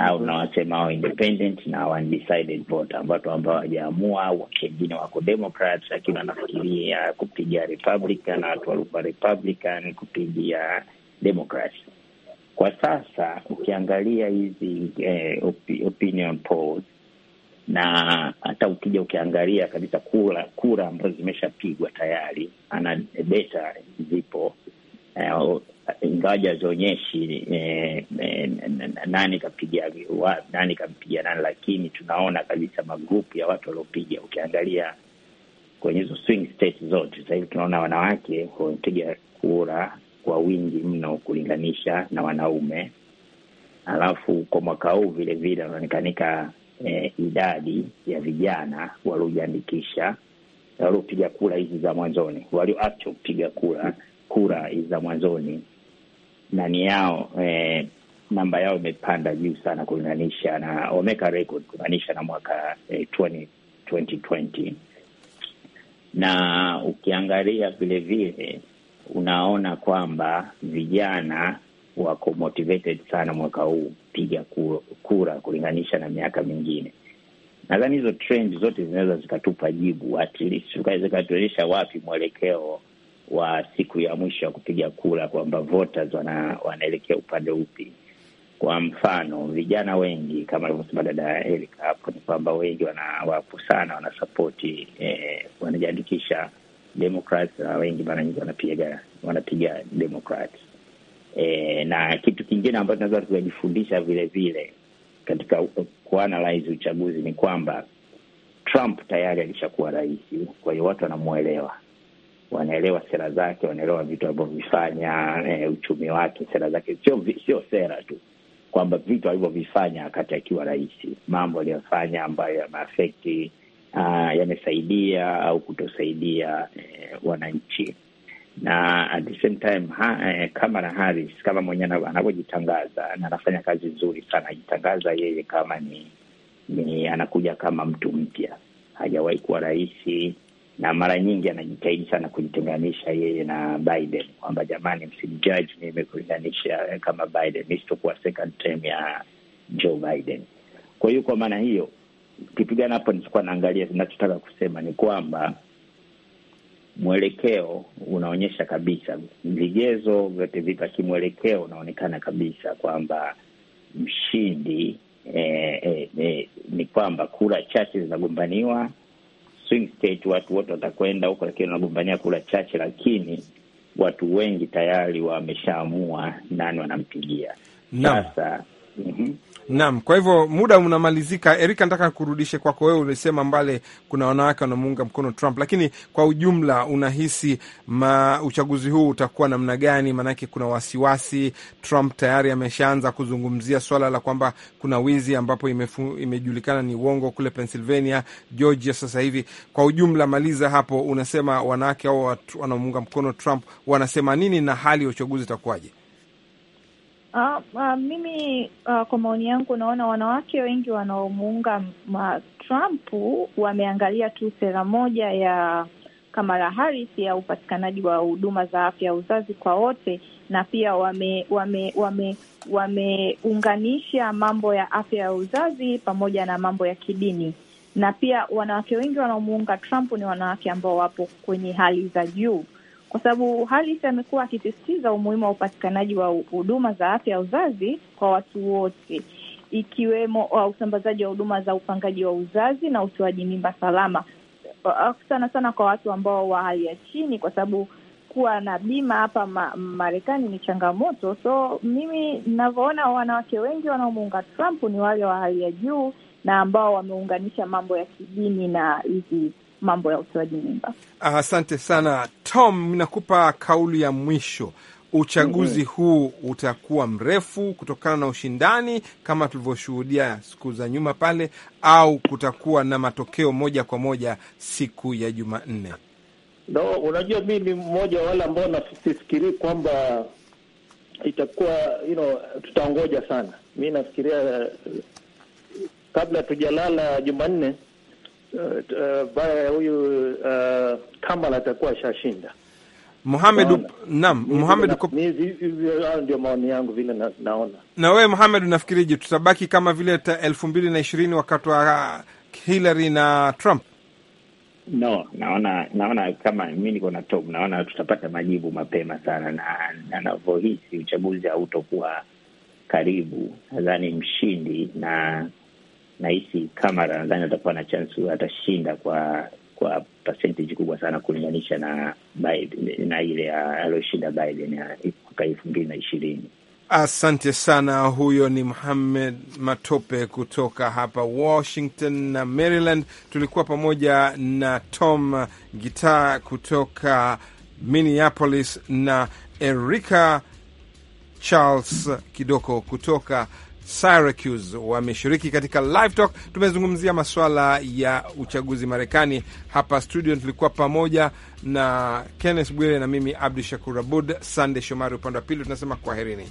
au nawasema hao independent na undecided voter, ambao ambao hawajaamua au wengine wako Democrats, lakini wanafikiria kupigia Republican na watu walikuwa Republican kupigia Democrats. Kwa sasa ukiangalia hizi eh, opinion polls na hata ukija ukiangalia kabisa kura kura ambazo zimeshapigwa tayari, ana data zipo uh, eh, ingawaji hazionyeshi eh, eh, nani kapiga nani kampiga nani, lakini tunaona kabisa magrupu ya watu waliopiga. Ukiangalia kwenye hizo swing zote, sasa hivi tunaona wanawake wamepiga kura kwa wingi mno kulinganisha na wanaume, alafu kwa mwaka huu vilevile wananikanika eh, idadi ya vijana waliojiandikisha waliopiga kura hizi za mwanzoni, walioacha kupiga kura kura hizi za mwanzoni, nani yao eh, namba yao imepanda juu sana kulinganisha na wameka record kulinganisha na mwaka eh, 20, 2020 na ukiangalia vilevile unaona kwamba vijana wako motivated sana mwaka huu piga kura kulinganisha na miaka mingine. Nadhani hizo trend zote zinaweza zikatupa jibu, at least zikatuonyesha wapi mwelekeo wa siku ya mwisho ya kupiga kura, kwamba voters wana, wanaelekea upande upi. Kwa mfano vijana wengi kama alivyosema dada Erika hapo ni kwamba wengi wana, wapo sana wanasapoti eh, wanajiandikisha Democrats na wengi mara nyingi wanapiga wanapiga Democrats e, na kitu kingine ambacho tunaweza tukajifundisha vile vile katika kuanalyze uchaguzi ni kwamba Trump tayari alishakuwa rais, kwa hiyo watu wanamwelewa, wanaelewa sera zake, wanaelewa vitu alivyovifanya, e, uchumi wake, sera zake, sio sio sera tu kwamba vitu alivyovifanya wakati akiwa rais, mambo aliyofanya ambayo yameafekti, yamesaidia au kutosaidia e, wananchi na at the same time ha, eh, Kamala Harris kama mwenyewe anavyojitangaza na anafanya kazi nzuri sana, ajitangaza yeye kama ni, ni anakuja kama mtu mpya, hajawahi kuwa rais, na mara nyingi anajitahidi sana kujitenganisha yeye na Biden kwamba jamani, msimjaji mimi kulinganisha eh, kama Biden, mi second term ya Joe Biden. Kwa hiyo kwa maana hiyo, kipigana hapo, nilikuwa naangalia, ninachotaka kusema ni kwamba mwelekeo unaonyesha kabisa, vigezo vyote vipa kimwelekeo unaonekana kabisa kwamba mshindi eh, eh, eh, ni kwamba kura chache zinagombaniwa swing state, watu wote watakwenda huko, lakini wanagombania kura chache, lakini watu wengi tayari wameshaamua nani wanampigia sasa nam mhm. Naam, kwa hivyo muda unamalizika. Erika, nataka kurudishe kwako wewe. Ulisema mbale kuna wanawake wanamuunga mkono Trump, lakini kwa ujumla unahisi ma uchaguzi huu utakuwa namna gani? Maanake kuna wasiwasi, Trump tayari ameshaanza kuzungumzia swala la kwamba kuna wizi ambapo imefu, imejulikana ni uongo kule Pennsylvania, Georgia sasa hivi. Kwa ujumla, maliza hapo, unasema wanawake au wanamuunga mkono Trump wanasema nini na hali ya uchaguzi itakuwaje? Uh, uh, mimi uh, kwa maoni yangu naona wanawake wengi wanaomuunga Trump wameangalia tu sera moja ya Kamala Harris ya upatikanaji wa huduma za afya ya uzazi kwa wote, na pia wameunganisha wame, wame, wame mambo ya afya ya uzazi pamoja na mambo ya kidini, na pia wanawake wengi wanaomuunga Trump ni wanawake ambao wapo kwenye hali za juu kwa sababu Halisi amekuwa akisisitiza umuhimu wa upatikanaji wa huduma za afya ya uzazi kwa watu wote ikiwemo wa uh, usambazaji wa huduma za upangaji wa uzazi na utoaji mimba salama uh, uh, sana sana kwa watu ambao wa hali ya chini, kwa sababu kuwa na bima hapa ma, Marekani ni changamoto. So mimi ninavyoona, wanawake wengi wanaomuunga Trump ni wale wa hali ya juu na ambao wameunganisha mambo ya kidini na hizi mambo ya utoaji mimba. Asante sana Tom, nakupa kauli ya mwisho. Uchaguzi mm -hmm. huu utakuwa mrefu kutokana na ushindani kama tulivyoshuhudia siku za nyuma pale, au kutakuwa na matokeo moja kwa moja siku ya Jumanne? No, unajua mi ni mmoja wa wale ambao nafikirii kwamba itakuwa you know, tutaongoja sana. Mi nafikiria eh, kabla tujalala Jumanne baya huyu uh, eh, Kamala atakuwa ashashinda. Muhamed, naam, Muhamed, ndio maoni yangu vile na, naona. Na wewe Muhammad unafikirije tutabaki kama vile elfu mbili na ishirini wakati wa uh, Hillary na Trump? No, naona naona kama mi niko na Tom, naona tutapata majibu mapema sana, na anavyohisi uchaguzi hautokuwa karibu, nadhani mshindi na nahisi Kamara nadhani atakuwa na chansi, atashinda kwa kwa percentage kubwa sana kulinganisha na Biden, na ile aliyoshinda Biden ya mwaka elfu mbili na ishirini. Asante sana. Huyo ni Muhamed Matope kutoka hapa Washington na Maryland. Tulikuwa pamoja na Tom Gitaa kutoka Minneapolis na Erika Charles Kidoko kutoka Syracuse wameshiriki katika live talk. Tumezungumzia masuala ya uchaguzi Marekani. Hapa studio tulikuwa pamoja na Kenneth Bwire na mimi Abdu Shakur Abud. Sande Shomari upande wa pili, tunasema kwaherini.